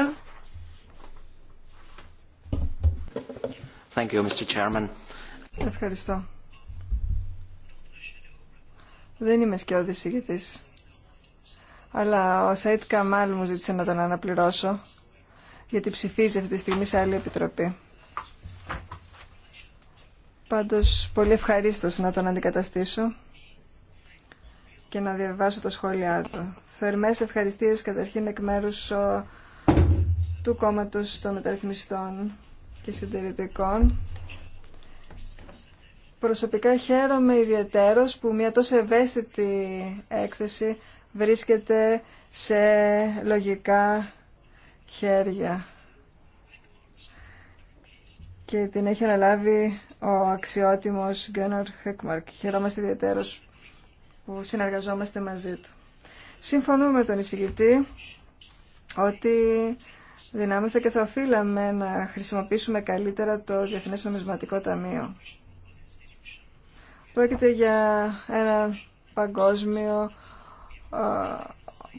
Ευχαριστώ. Δεν είμαι σκιώδης ηγετής. Αλλά ο Σαΐτ Καμάλ μου ζήτησε να τον αναπληρώσω, γιατί ψηφίζει αυτή τη στιγμή σε άλλη επιτροπή. Πάντως, πολύ ευχαρίστως να τον αντικαταστήσω και να διαβάσω τα σχόλιά του. Θερμές ευχαριστίες καταρχήν εκ μέρους του κόμματος των μεταρρυθμιστών και συντηρητικών. Προσωπικά χαίρομαι ιδιαίτερος που μια τόσο ευαίσθητη έκθεση βρίσκεται σε λογικά χέρια και την έχει αναλάβει ο αξιότιμος Γκένορ Χέκμαρκ. Χαιρόμαστε ιδιαίτερος που συνεργαζόμαστε μαζί του. Συμφωνούμε με τον εισηγητή ότι δυνάμεθα και θα οφείλαμε να χρησιμοποιήσουμε καλύτερα το Διεθνές Νομισματικό Ταμείο. Πρόκειται για ένα παγκόσμιο, ε,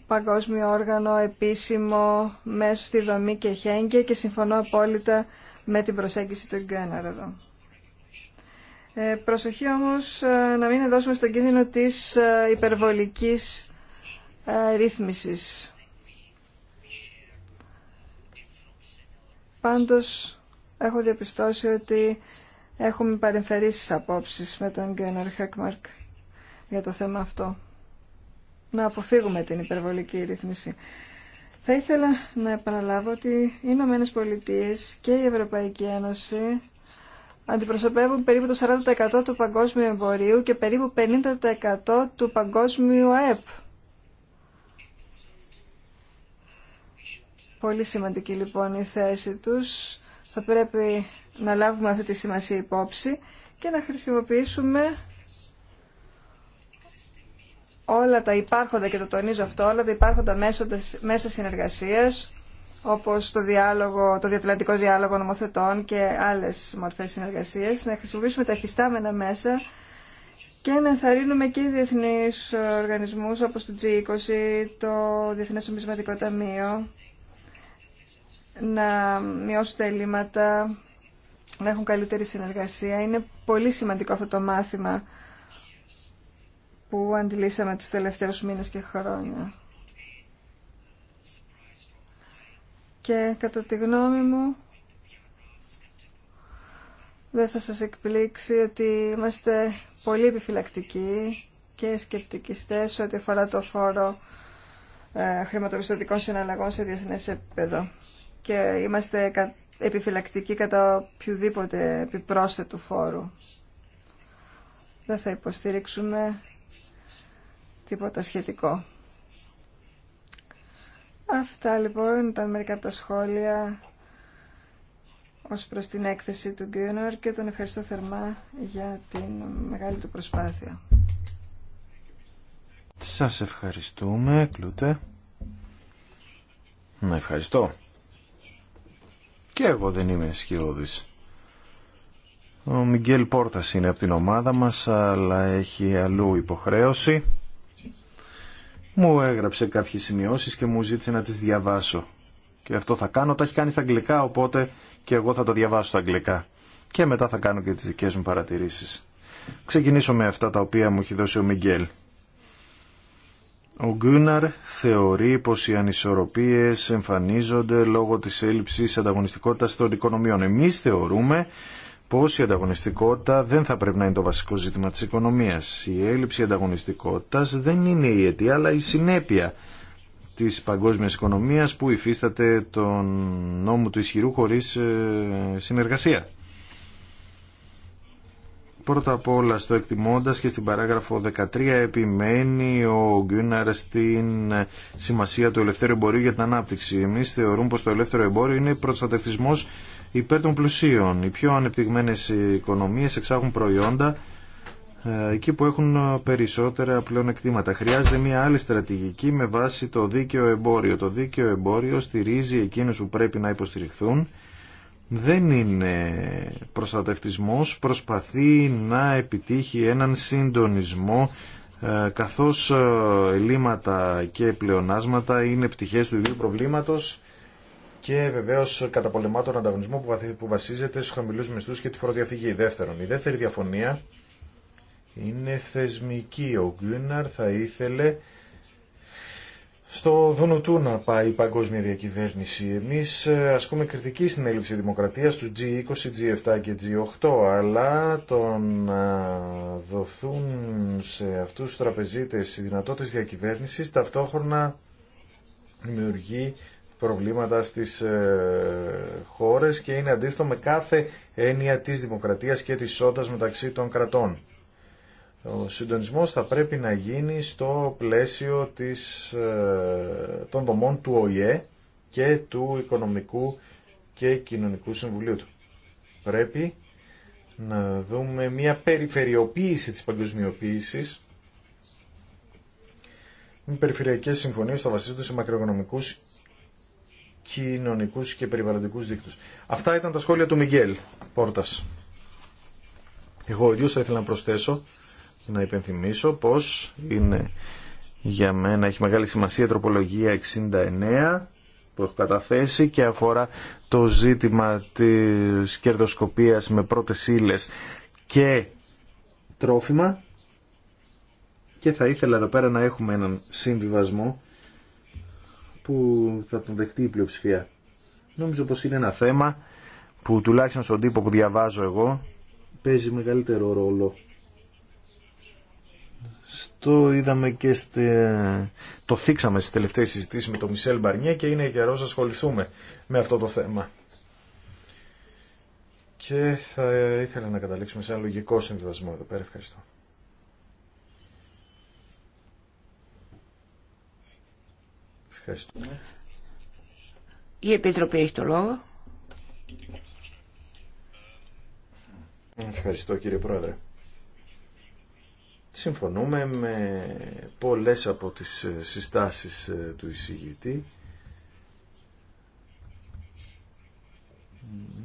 παγκόσμιο όργανο επίσημο μέσω στη δομή και χέγγε και συμφωνώ απόλυτα με την προσέγγιση του Γκέναρ ε, προσοχή όμως ε, να μην δώσουμε στον κίνδυνο της ε, υπερβολικής ρύθμισης. Πάντως έχω διαπιστώσει ότι έχουμε παρεμφερήσεις απόψεις με τον Γκέναρ Χέκμαρκ για το θέμα αυτό. Να αποφύγουμε την υπερβολική ρύθμιση. Θα ήθελα να επαναλάβω ότι οι Ηνωμένε Πολιτείε και η Ευρωπαϊκή Ένωση αντιπροσωπεύουν περίπου το 40% του παγκόσμιου εμπορίου και περίπου 50% του παγκόσμιου ΑΕΠ. Πολύ σημαντική λοιπόν η θέση τους. Θα πρέπει να λάβουμε αυτή τη σημασία υπόψη και να χρησιμοποιήσουμε όλα τα υπάρχοντα, και το τονίζω αυτό, όλα τα υπάρχοντα μέσα συνεργασίας, όπως το, διάλογο, το διατλαντικό διάλογο νομοθετών και άλλες μορφές συνεργασίας, να χρησιμοποιήσουμε τα χιστάμενα μέσα και να ενθαρρύνουμε και οι διεθνείς οργανισμούς όπως το G20, το Διεθνές Ομισματικό Ταμείο, να μειώσουν τα ελλείμματα, να έχουν καλύτερη συνεργασία. Είναι πολύ σημαντικό αυτό το μάθημα που αντιλήσαμε τους τελευταίους μήνες και χρόνια. και κατά τη γνώμη μου δεν θα σας εκπλήξει ότι είμαστε πολύ επιφυλακτικοί και σκεπτικιστές ό,τι αφορά το φόρο ε, χρηματοπιστωτικών συναλλαγών σε διεθνές επίπεδο. Και είμαστε επιφυλακτικοί κατά οποιοδήποτε επιπρόσθετου φόρου. Δεν θα υποστηρίξουμε τίποτα σχετικό. Αυτά λοιπόν ήταν μερικά από τα σχόλια ως προς την έκθεση του Γκίνορ και τον ευχαριστώ θερμά για την μεγάλη του προσπάθεια. Σας ευχαριστούμε, Κλούτε. Να ευχαριστώ. Και εγώ δεν είμαι σκιώδης. Ο Μιγγέλ Πόρτας είναι από την ομάδα μας, αλλά έχει αλλού υποχρέωση μου έγραψε κάποιες σημειώσεις και μου ζήτησε να τις διαβάσω. Και αυτό θα κάνω, τα έχει κάνει στα αγγλικά, οπότε και εγώ θα τα διαβάσω στα αγγλικά. Και μετά θα κάνω και τις δικές μου παρατηρήσεις. Ξεκινήσω με αυτά τα οποία μου έχει δώσει ο Μιγγέλ. Ο Γκούναρ θεωρεί πως οι ανισορροπίες εμφανίζονται λόγω της έλλειψης ανταγωνιστικότητας των οικονομιών. Εμείς θεωρούμε πως η ανταγωνιστικότητα δεν θα πρέπει να είναι το βασικό ζήτημα της οικονομίας. Η έλλειψη ανταγωνιστικότητας δεν είναι η αιτία αλλά η συνέπεια της παγκόσμιας οικονομίας που υφίσταται τον νόμο του ισχυρού χωρίς ε, συνεργασία. Πρώτα απ' όλα στο εκτιμώντας και στην παράγραφο 13 επιμένει ο Γκούναρ στην σημασία του ελευθέρου εμπορίου για την ανάπτυξη. Εμείς θεωρούμε πως το ελεύθερο εμπόριο είναι προστατευτισμός υπέρ των πλουσίων. Οι πιο ανεπτυγμένες οικονομίες εξάγουν προϊόντα ε, εκεί που έχουν περισσότερα πλέον εκτήματα. Χρειάζεται μια άλλη στρατηγική με βάση το δίκαιο εμπόριο. Το δίκαιο εμπόριο στηρίζει εκείνους που πρέπει να υποστηριχθούν. Δεν είναι προστατευτισμός, προσπαθεί να επιτύχει έναν συντονισμό ε, καθώς ε, ελλείμματα και πλεονάσματα είναι πτυχές του ίδιου προβλήματος και βεβαίω καταπολεμά τον ανταγωνισμό που βασίζεται στου χαμηλού μισθού και τη φοροδιαφυγή. Δεύτερον, η δεύτερη διαφωνία είναι θεσμική. Ο Γκούναρ θα ήθελε στο Δουνουτού να πάει η παγκόσμια διακυβέρνηση. Εμείς ε, ασκούμε κριτική στην έλλειψη δημοκρατίας του G20, G7 και G8, αλλά το να ε, δοθούν σε αυτού του τραπεζίτε οι δυνατότητε διακυβέρνησης ταυτόχρονα δημιουργεί προβλήματα στις ε, χώρες και είναι αντίθετο με κάθε έννοια της δημοκρατίας και της ισότητας μεταξύ των κρατών. Ο συντονισμός θα πρέπει να γίνει στο πλαίσιο της, ε, των δομών του ΟΗΕ και του Οικονομικού και Κοινωνικού Συμβουλίου του. Πρέπει να δούμε μια περιφερειοποίηση της παγκοσμιοποίησης με περιφερειακές συμφωνίες θα βασίζονται σε μακροοικονομικούς κοινωνικούς και περιβαλλοντικούς δίκτους. Αυτά ήταν τα σχόλια του Μιγγέλ Πόρτας. Εγώ ίδιος θα ήθελα να προσθέσω, να υπενθυμίσω πως είναι για μένα έχει μεγάλη σημασία τροπολογία 69 που έχω καταθέσει και αφορά το ζήτημα της κερδοσκοπίας με πρώτες ύλες και τρόφιμα και θα ήθελα εδώ πέρα να έχουμε έναν συμβιβασμό που θα τον δεχτεί η πλειοψηφία. Νομίζω πως είναι ένα θέμα που τουλάχιστον στον τύπο που διαβάζω εγώ παίζει μεγαλύτερο ρόλο. Στο είδαμε και το θίξαμε στις τελευταίες συζητήσεις με τον Μισελ Μπαρνιέ και είναι καιρό να ασχοληθούμε με αυτό το θέμα. Και θα ήθελα να καταλήξουμε σε ένα λογικό συνδυασμό εδώ πέρα. Ευχαριστώ. Η Επιτροπή έχει το λόγο. Ευχαριστώ κύριε Πρόεδρε. Συμφωνούμε με πολλές από τις ε, συστάσεις ε, του εισηγητή.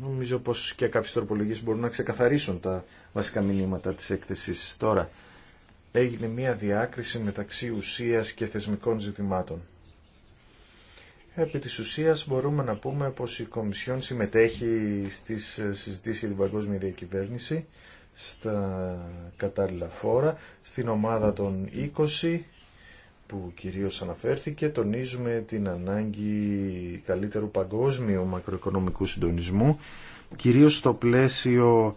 Νομίζω πως και κάποιες τροπολογίες μπορούν να ξεκαθαρίσουν τα βασικά μηνύματα της έκθεσης. Τώρα έγινε μια διάκριση μεταξύ ουσίας και θεσμικών ζητημάτων. Επί της ουσίας μπορούμε να πούμε πως η Κομισιόν συμμετέχει στις συζητήσεις για την παγκόσμια διακυβέρνηση στα κατάλληλα φόρα, στην ομάδα των 20 που κυρίως αναφέρθηκε, τονίζουμε την ανάγκη καλύτερου παγκόσμιου μακροοικονομικού συντονισμού, κυρίως στο πλαίσιο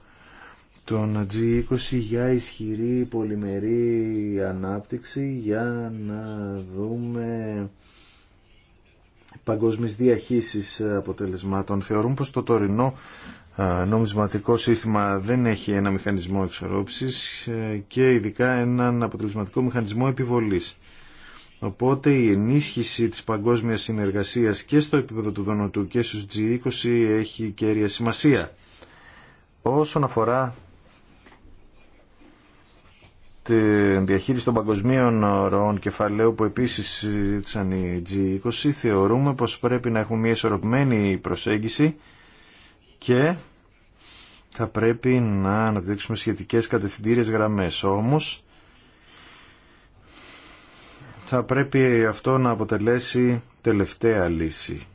των G20 για ισχυρή πολυμερή ανάπτυξη, για να δούμε παγκόσμιες διαχείρισης αποτελεσμάτων θεωρούν πως το τωρινό νομισματικό σύστημα δεν έχει ένα μηχανισμό εξορρόψης ε, και ειδικά έναν αποτελεσματικό μηχανισμό επιβολής. Οπότε η ενίσχυση της παγκόσμιας συνεργασίας και στο επίπεδο του Δονοτού και στους G20 έχει κέρια σημασία. Όσον αφορά τη διαχείριση των παγκοσμίων ροών κεφαλαίου που επίσης ζήτησαν οι G20 θεωρούμε πως πρέπει να έχουμε μια ισορροπημένη προσέγγιση και θα πρέπει να αναπτύξουμε σχετικές κατευθυντήριες γραμμές όμως θα πρέπει αυτό να αποτελέσει τελευταία λύση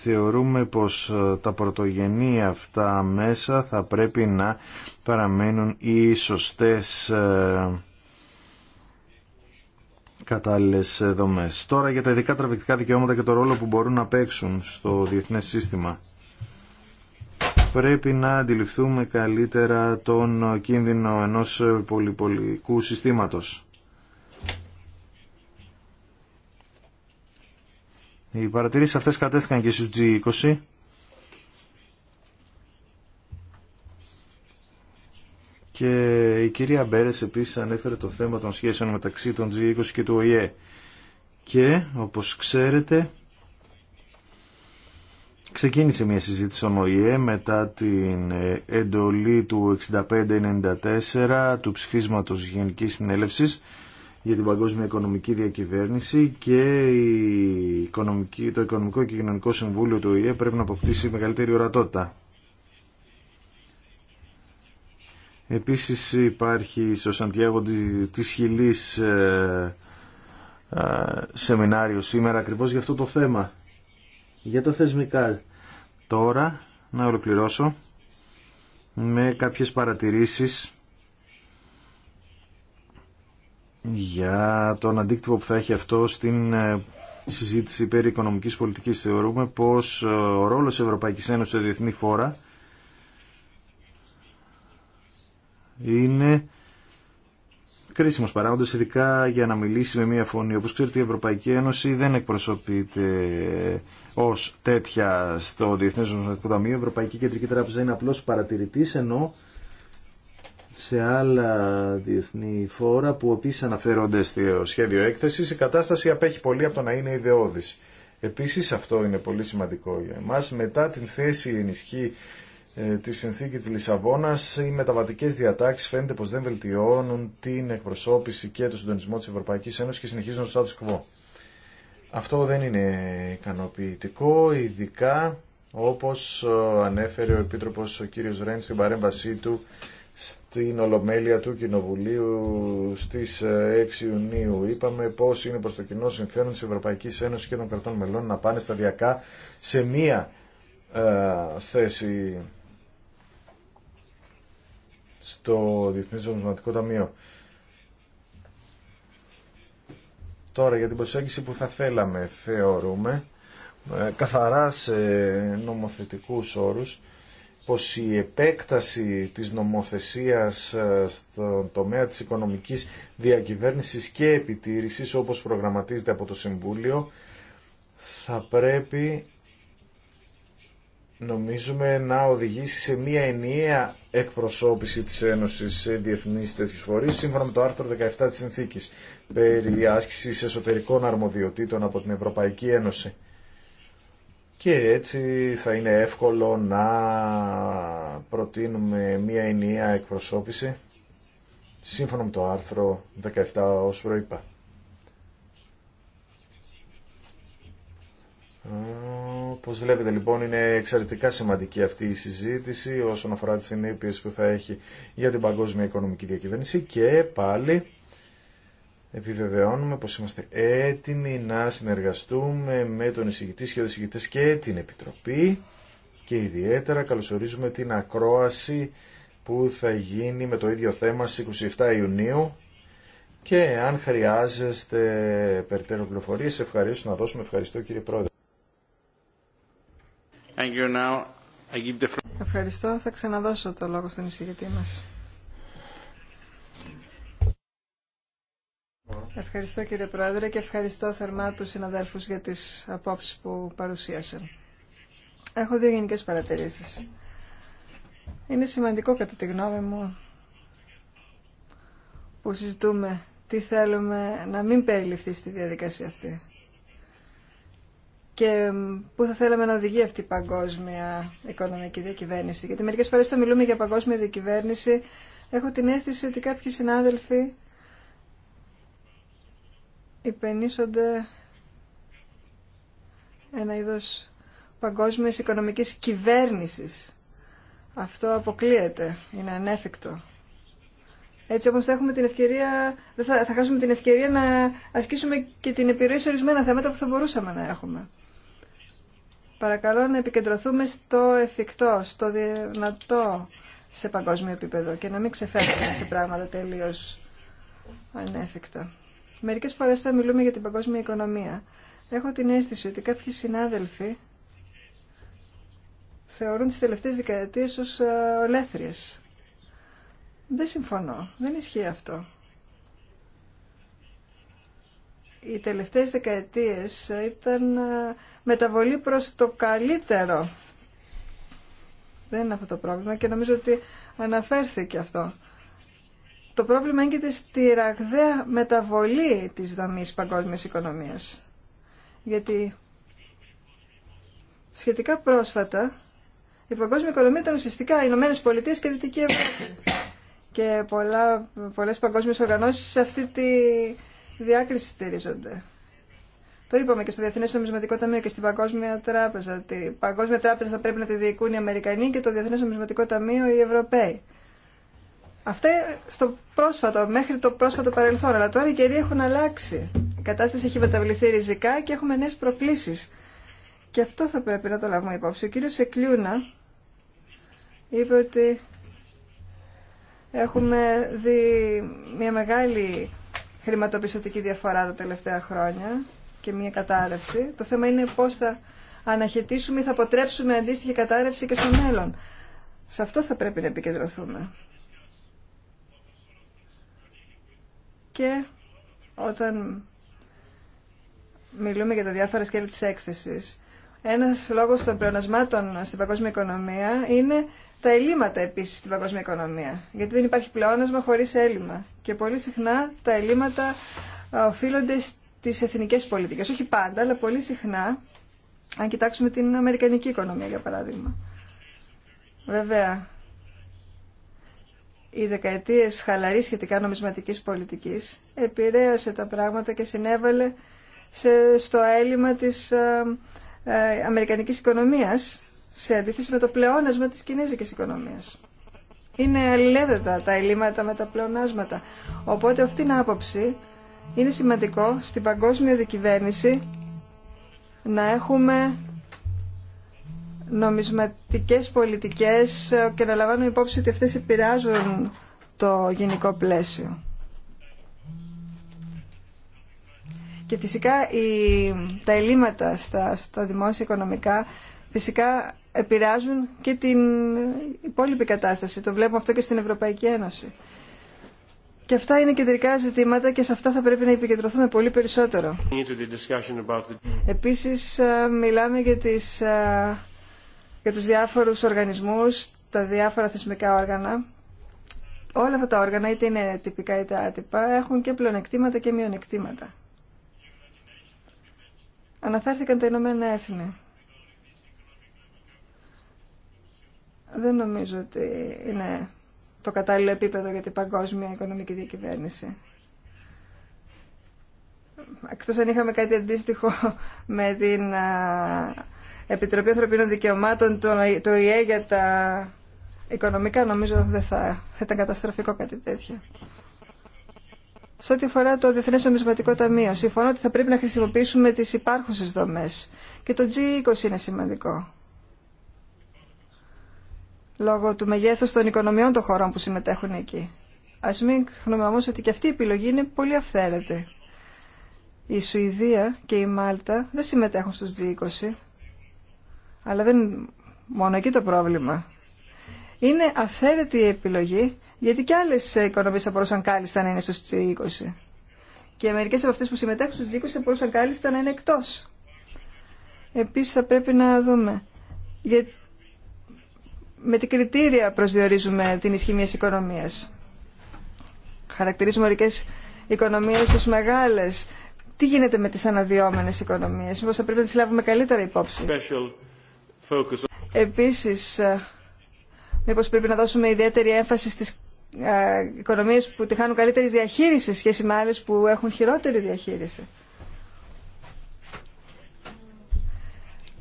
Θεωρούμε πως ε, τα πρωτογενή αυτά μέσα θα πρέπει να παραμένουν οι σωστές ε, κατάλληλες δομές. Τώρα για τα ειδικά τραπεζικά δικαιώματα και το ρόλο που μπορούν να παίξουν στο διεθνές σύστημα. Πρέπει να αντιληφθούμε καλύτερα τον κίνδυνο ενός πολυπολικού συστήματος Οι παρατηρήσει αυτές κατέθηκαν και στους G20. Και η κυρία Μπέρες επίσης ανέφερε το θέμα των σχέσεων μεταξύ των G20 και του ΟΗΕ. Και, όπως ξέρετε, ξεκίνησε μια συζήτηση στον ΟΗΕ μετά την ε, εντολή του 65-94 του ψηφίσματος Γενικής Συνέλευσης για την παγκόσμια οικονομική διακυβέρνηση και η οικονομική, το Οικονομικό και Κοινωνικό Συμβούλιο του ΟΗΕ πρέπει να αποκτήσει μεγαλύτερη ορατότητα. Επίσης υπάρχει στο Σαντιάγο της Χιλής ε, ε, σεμινάριο σήμερα ακριβώς για αυτό το θέμα. Για τα θεσμικά τώρα να ολοκληρώσω με κάποιες παρατηρήσεις για τον αντίκτυπο που θα έχει αυτό στην ε, συζήτηση περί οικονομικής πολιτικής. Θεωρούμε πως ε, ο ρόλος της Ευρωπαϊκής Ένωσης σε διεθνή φόρα είναι κρίσιμος παράγοντας, ειδικά για να μιλήσει με μία φωνή. Όπως ξέρετε η Ευρωπαϊκή Ένωση δεν εκπροσωπείται ε, ως τέτοια στο Διεθνές Νομισματικό Ταμείο. Η Ευρωπαϊκή Κεντρική Τράπεζα είναι απλώς παρατηρητής, ενώ σε άλλα διεθνή φόρα που επίσης αναφέρονται στο σχέδιο έκθεσης, η κατάσταση απέχει πολύ από το να είναι ιδεώδης. Επίσης αυτό είναι πολύ σημαντικό για εμάς. Μετά την θέση ενισχύ ε, τη συνθήκη της Λισαβόνας, οι μεταβατικές διατάξεις φαίνεται πως δεν βελτιώνουν την εκπροσώπηση και το συντονισμό της Ευρωπαϊκής Ένωσης και συνεχίζουν στο status quo. Αυτό δεν είναι ικανοποιητικό, ειδικά όπως ε, ανέφερε ο Επίτροπος ο κύριος Ρέν στην παρέμβασή του στην Ολομέλεια του Κοινοβουλίου στις 6 ε, Ιουνίου. Είπαμε πώς είναι προς το κοινό συμφέρον της Ευρωπαϊκής Ένωσης και των κρατών μελών να πάνε σταδιακά σε μία ε, θέση στο Διεθνές Νομισματικό Ταμείο. Τώρα για την προσέγγιση που θα θέλαμε θεωρούμε ε, καθαρά σε νομοθετικούς όρους πως η επέκταση της νομοθεσίας ε, στον τομέα της οικονομικής διακυβέρνησης και επιτήρησης όπως προγραμματίζεται από το Συμβούλιο θα πρέπει νομίζουμε να οδηγήσει σε μια ενιαία εκπροσώπηση της Ένωσης σε διεθνείς τέτοιους φορείς σύμφωνα με το άρθρο 17 της Συνθήκης περί άσκησης εσωτερικών αρμοδιοτήτων από την Ευρωπαϊκή Ένωση και έτσι θα είναι εύκολο να προτείνουμε μία ενιαία εκπροσώπηση σύμφωνα με το άρθρο 17 ως προείπα. Όπως βλέπετε λοιπόν είναι εξαιρετικά σημαντική αυτή η συζήτηση όσον αφορά τις συνέπειες που θα έχει για την παγκόσμια οικονομική διακυβέρνηση και πάλι επιβεβαιώνουμε πως είμαστε έτοιμοι να συνεργαστούμε με τον εισηγητή, σχεδόν και την Επιτροπή και ιδιαίτερα καλωσορίζουμε την ακρόαση που θα γίνει με το ίδιο θέμα στις 27 Ιουνίου και αν χρειάζεστε περαιτέρω πληροφορίες, ευχαρίστω να δώσουμε. Ευχαριστώ κύριε Πρόεδρε. Ευχαριστώ. Θα ξαναδώσω το λόγο στον εισηγητή μας. Ευχαριστώ κύριε Πρόεδρε και ευχαριστώ θερμά τους συναδέλφους για τις απόψεις που παρουσίασαν. Έχω δύο γενικέ παρατηρήσεις. Είναι σημαντικό κατά τη γνώμη μου που συζητούμε τι θέλουμε να μην περιληφθεί στη διαδικασία αυτή και πού θα θέλαμε να οδηγεί αυτή η παγκόσμια οικονομική διακυβέρνηση. Γιατί μερικές φορές όταν μιλούμε για παγκόσμια διακυβέρνηση έχω την αίσθηση ότι κάποιοι συνάδελφοι υπενήσονται ένα είδος παγκόσμιας οικονομικής κυβέρνησης. Αυτό αποκλείεται, είναι ανέφικτο. Έτσι όμως θα, έχουμε την ευκαιρία, θα, θα χάσουμε την ευκαιρία να ασκήσουμε και την επιρροή σε ορισμένα θέματα που θα μπορούσαμε να έχουμε. Παρακαλώ να επικεντρωθούμε στο εφικτό, στο δυνατό σε παγκόσμιο επίπεδο και να μην ξεφεύγουμε σε πράγματα τελείως ανέφικτα. Μερικές φορές θα μιλούμε για την παγκόσμια οικονομία. Έχω την αίσθηση ότι κάποιοι συνάδελφοι θεωρούν τις τελευταίες δεκαετίες ως ε, ολέθριες. Δεν συμφωνώ. Δεν ισχύει αυτό. Οι τελευταίες δεκαετίες ήταν ε, μεταβολή προς το καλύτερο. Δεν είναι αυτό το πρόβλημα και νομίζω ότι αναφέρθηκε αυτό. Το πρόβλημα έγκυται στη ραγδαία μεταβολή της δομής παγκόσμιας οικονομίας. Γιατί σχετικά πρόσφατα η παγκόσμια οικονομία ήταν ουσιαστικά οι Ηνωμένε Πολιτείε και η Δυτική Ευρώπη. Και πολλά, πολλές παγκόσμιες οργανώσεις σε αυτή τη διάκριση στηρίζονται. Το είπαμε και στο Διεθνέ Νομισματικό Ταμείο και στην Παγκόσμια Τράπεζα. Ότι η Παγκόσμια Τράπεζα θα πρέπει να τη διοικούν οι Αμερικανοί και το Διεθνέ Νομισματικό Ταμείο οι Ευρωπαίοι. Αυτά στο πρόσφατο, μέχρι το πρόσφατο παρελθόν, αλλά τώρα οι καιροί έχουν αλλάξει. Η κατάσταση έχει μεταβληθεί ριζικά και έχουμε νέε προκλήσει. Και αυτό θα πρέπει να το λάβουμε υπόψη. Ο κύριο Εκλιούνα είπε ότι έχουμε δει μια μεγάλη χρηματοπιστωτική διαφορά τα τελευταία χρόνια και μια κατάρρευση. Το θέμα είναι πώ θα αναχαιτήσουμε ή θα αποτρέψουμε αντίστοιχη κατάρρευση και στο μέλλον. Σε αυτό θα πρέπει να επικεντρωθούμε. και όταν μιλούμε για τα διάφορα σκέλη της έκθεσης. Ένας λόγος των πλεονασμάτων στην παγκόσμια οικονομία είναι τα ελλείμματα επίσης στην παγκόσμια οικονομία. Γιατί δεν υπάρχει πλεόνασμα χωρίς έλλειμμα. Και πολύ συχνά τα ελλείμματα ε, οφείλονται στις εθνικές πολιτικές. Όχι πάντα, αλλά πολύ συχνά, αν κοιτάξουμε την αμερικανική οικονομία για παράδειγμα. Βέβαια, οι δεκαετίες χαλαρής σχετικά νομισματικής πολιτικής επηρέασε τα πράγματα και συνέβαλε στο έλλειμμα της ε, ε, αμερικανικής οικονομίας σε αντίθεση με το πλεόνασμα της κινέζικης οικονομίας. Είναι αλληλέδετα τα ελλείμματα με τα πλεονάσματα. Οπότε αυτή την άποψη είναι σημαντικό στην παγκόσμια δικυβέρνηση να έχουμε νομισματικές πολιτικές και να λαμβάνουμε υπόψη ότι αυτές επηρεάζουν το γενικό πλαίσιο. Και φυσικά η, τα ελλείμματα στα, δημόσια οικονομικά φυσικά επηρεάζουν και την υπόλοιπη κατάσταση. Το βλέπουμε αυτό και στην Ευρωπαϊκή Ένωση. Και αυτά είναι κεντρικά ζητήματα και σε αυτά θα πρέπει να επικεντρωθούμε πολύ περισσότερο. Επίσης ε, μιλάμε για τις ε, για τους διάφορους οργανισμούς, τα διάφορα θεσμικά όργανα. Όλα αυτά τα όργανα, είτε είναι τυπικά είτε άτυπα, έχουν και πλεονεκτήματα και μειονεκτήματα. Αναφέρθηκαν τα Ηνωμένα Έθνη. Δεν νομίζω ότι είναι το κατάλληλο επίπεδο για την παγκόσμια οικονομική διακυβέρνηση. Εκτός αν είχαμε κάτι αντίστοιχο με την Επιτροπή Ανθρωπίνων Δικαιωμάτων, το ΙΕ για τα οικονομικά, νομίζω δεν θα, θα ήταν καταστροφικό κάτι τέτοιο. Σε ό,τι αφορά το Διεθνές Νομισματικό Ταμείο, συμφωνώ ότι θα πρέπει να χρησιμοποιήσουμε τις υπάρχουσες δομές. Και το G20 είναι σημαντικό. Λόγω του μεγέθου των οικονομιών των χωρών που συμμετέχουν εκεί. Ας μην ξεχνούμε όμως ότι και αυτή η επιλογή είναι πολύ αυθαίρετη. Η Σουηδία και η Μάλτα δεν συμμετέχουν στου G20 αλλά δεν μόνο εκεί το πρόβλημα. Είναι αυθαίρετη η επιλογή, γιατί και άλλε οικονομίε θα μπορούσαν κάλλιστα να είναι στους 20. Και μερικέ από αυτές που συμμετέχουν στου 20 θα μπορούσαν κάλλιστα να είναι εκτό. Επίση θα πρέπει να δούμε για... με τι κριτήρια προσδιορίζουμε την ισχύ μια οικονομία. Χαρακτηρίζουμε μερικέ οικονομίε ω μεγάλε. Τι γίνεται με τι αναδυόμενε οικονομίε, Μήπω θα πρέπει να τι λάβουμε καλύτερα υπόψη. Επίσης, ε, μήπως πρέπει να δώσουμε ιδιαίτερη έμφαση στις ε, οικονομίες που τη χάνουν διαχείριση σχέση με άλλες που έχουν χειρότερη διαχείριση.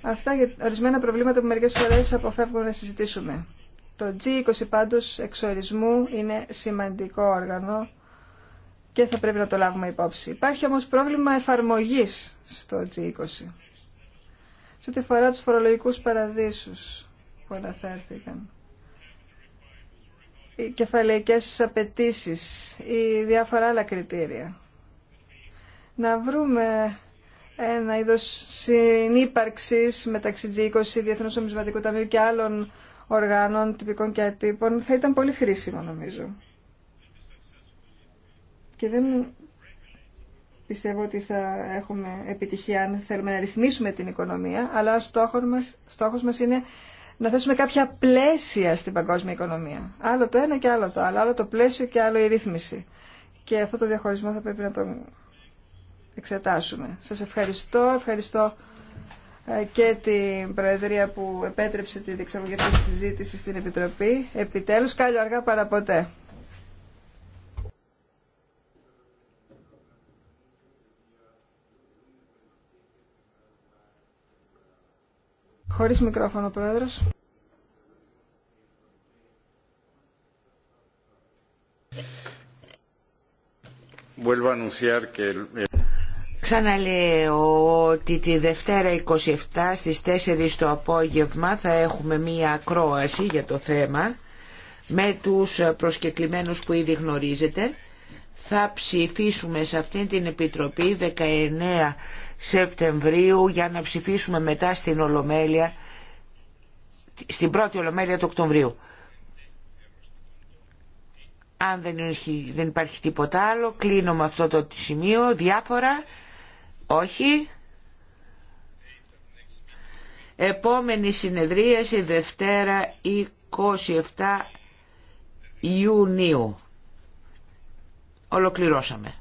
Αυτά για ορισμένα προβλήματα που μερικές φορές αποφεύγουμε να συζητήσουμε. Το G20 πάντως εξορισμού είναι σημαντικό όργανο και θα πρέπει να το λάβουμε υπόψη. Υπάρχει όμως πρόβλημα εφαρμογής στο G20 σε ό,τι αφορά τους φορολογικούς παραδείσους που αναφέρθηκαν. Οι κεφαλαϊκές απαιτήσει ή διάφορα άλλα κριτήρια. Να βρούμε ένα είδος συνύπαρξης μεταξύ G20, Διεθνούς Ομισματικού Ταμείου και άλλων οργάνων τυπικών και ατύπων θα ήταν πολύ χρήσιμο νομίζω. Και δεν πιστεύω ότι θα έχουμε επιτυχία αν θέλουμε να ρυθμίσουμε την οικονομία, αλλά στόχος μας, στόχος μας είναι να θέσουμε κάποια πλαίσια στην παγκόσμια οικονομία. Άλλο το ένα και άλλο το άλλο, άλλο το πλαίσιο και άλλο η ρύθμιση. Και αυτό το διαχωρισμό θα πρέπει να τον εξετάσουμε. Σας ευχαριστώ, ευχαριστώ ε, και την Προεδρία που επέτρεψε τη διεξαγωγή αυτή τη συζήτηση στην Επιτροπή. Επιτέλους, καλό αργά παραποτέ. Χωρίς μικρόφωνο, Πρόεδρος. Ξαναλέω ότι τη Δευτέρα 27 στις 4 το απόγευμα θα έχουμε μία ακρόαση για το θέμα με τους προσκεκλημένους που ήδη γνωρίζετε. Θα ψηφίσουμε σε αυτήν την Επιτροπή 19 Σεπτεμβρίου για να ψηφίσουμε μετά στην Ολομέλεια, στην πρώτη Ολομέλεια του Οκτωβρίου. Αν δεν υπάρχει, δεν υπάρχει τίποτα άλλο, κλείνω με αυτό το σημείο. Διάφορα, όχι. Επόμενη συνεδρίαση Δευτέρα 27 Ιουνίου. Ολοκληρώσαμε.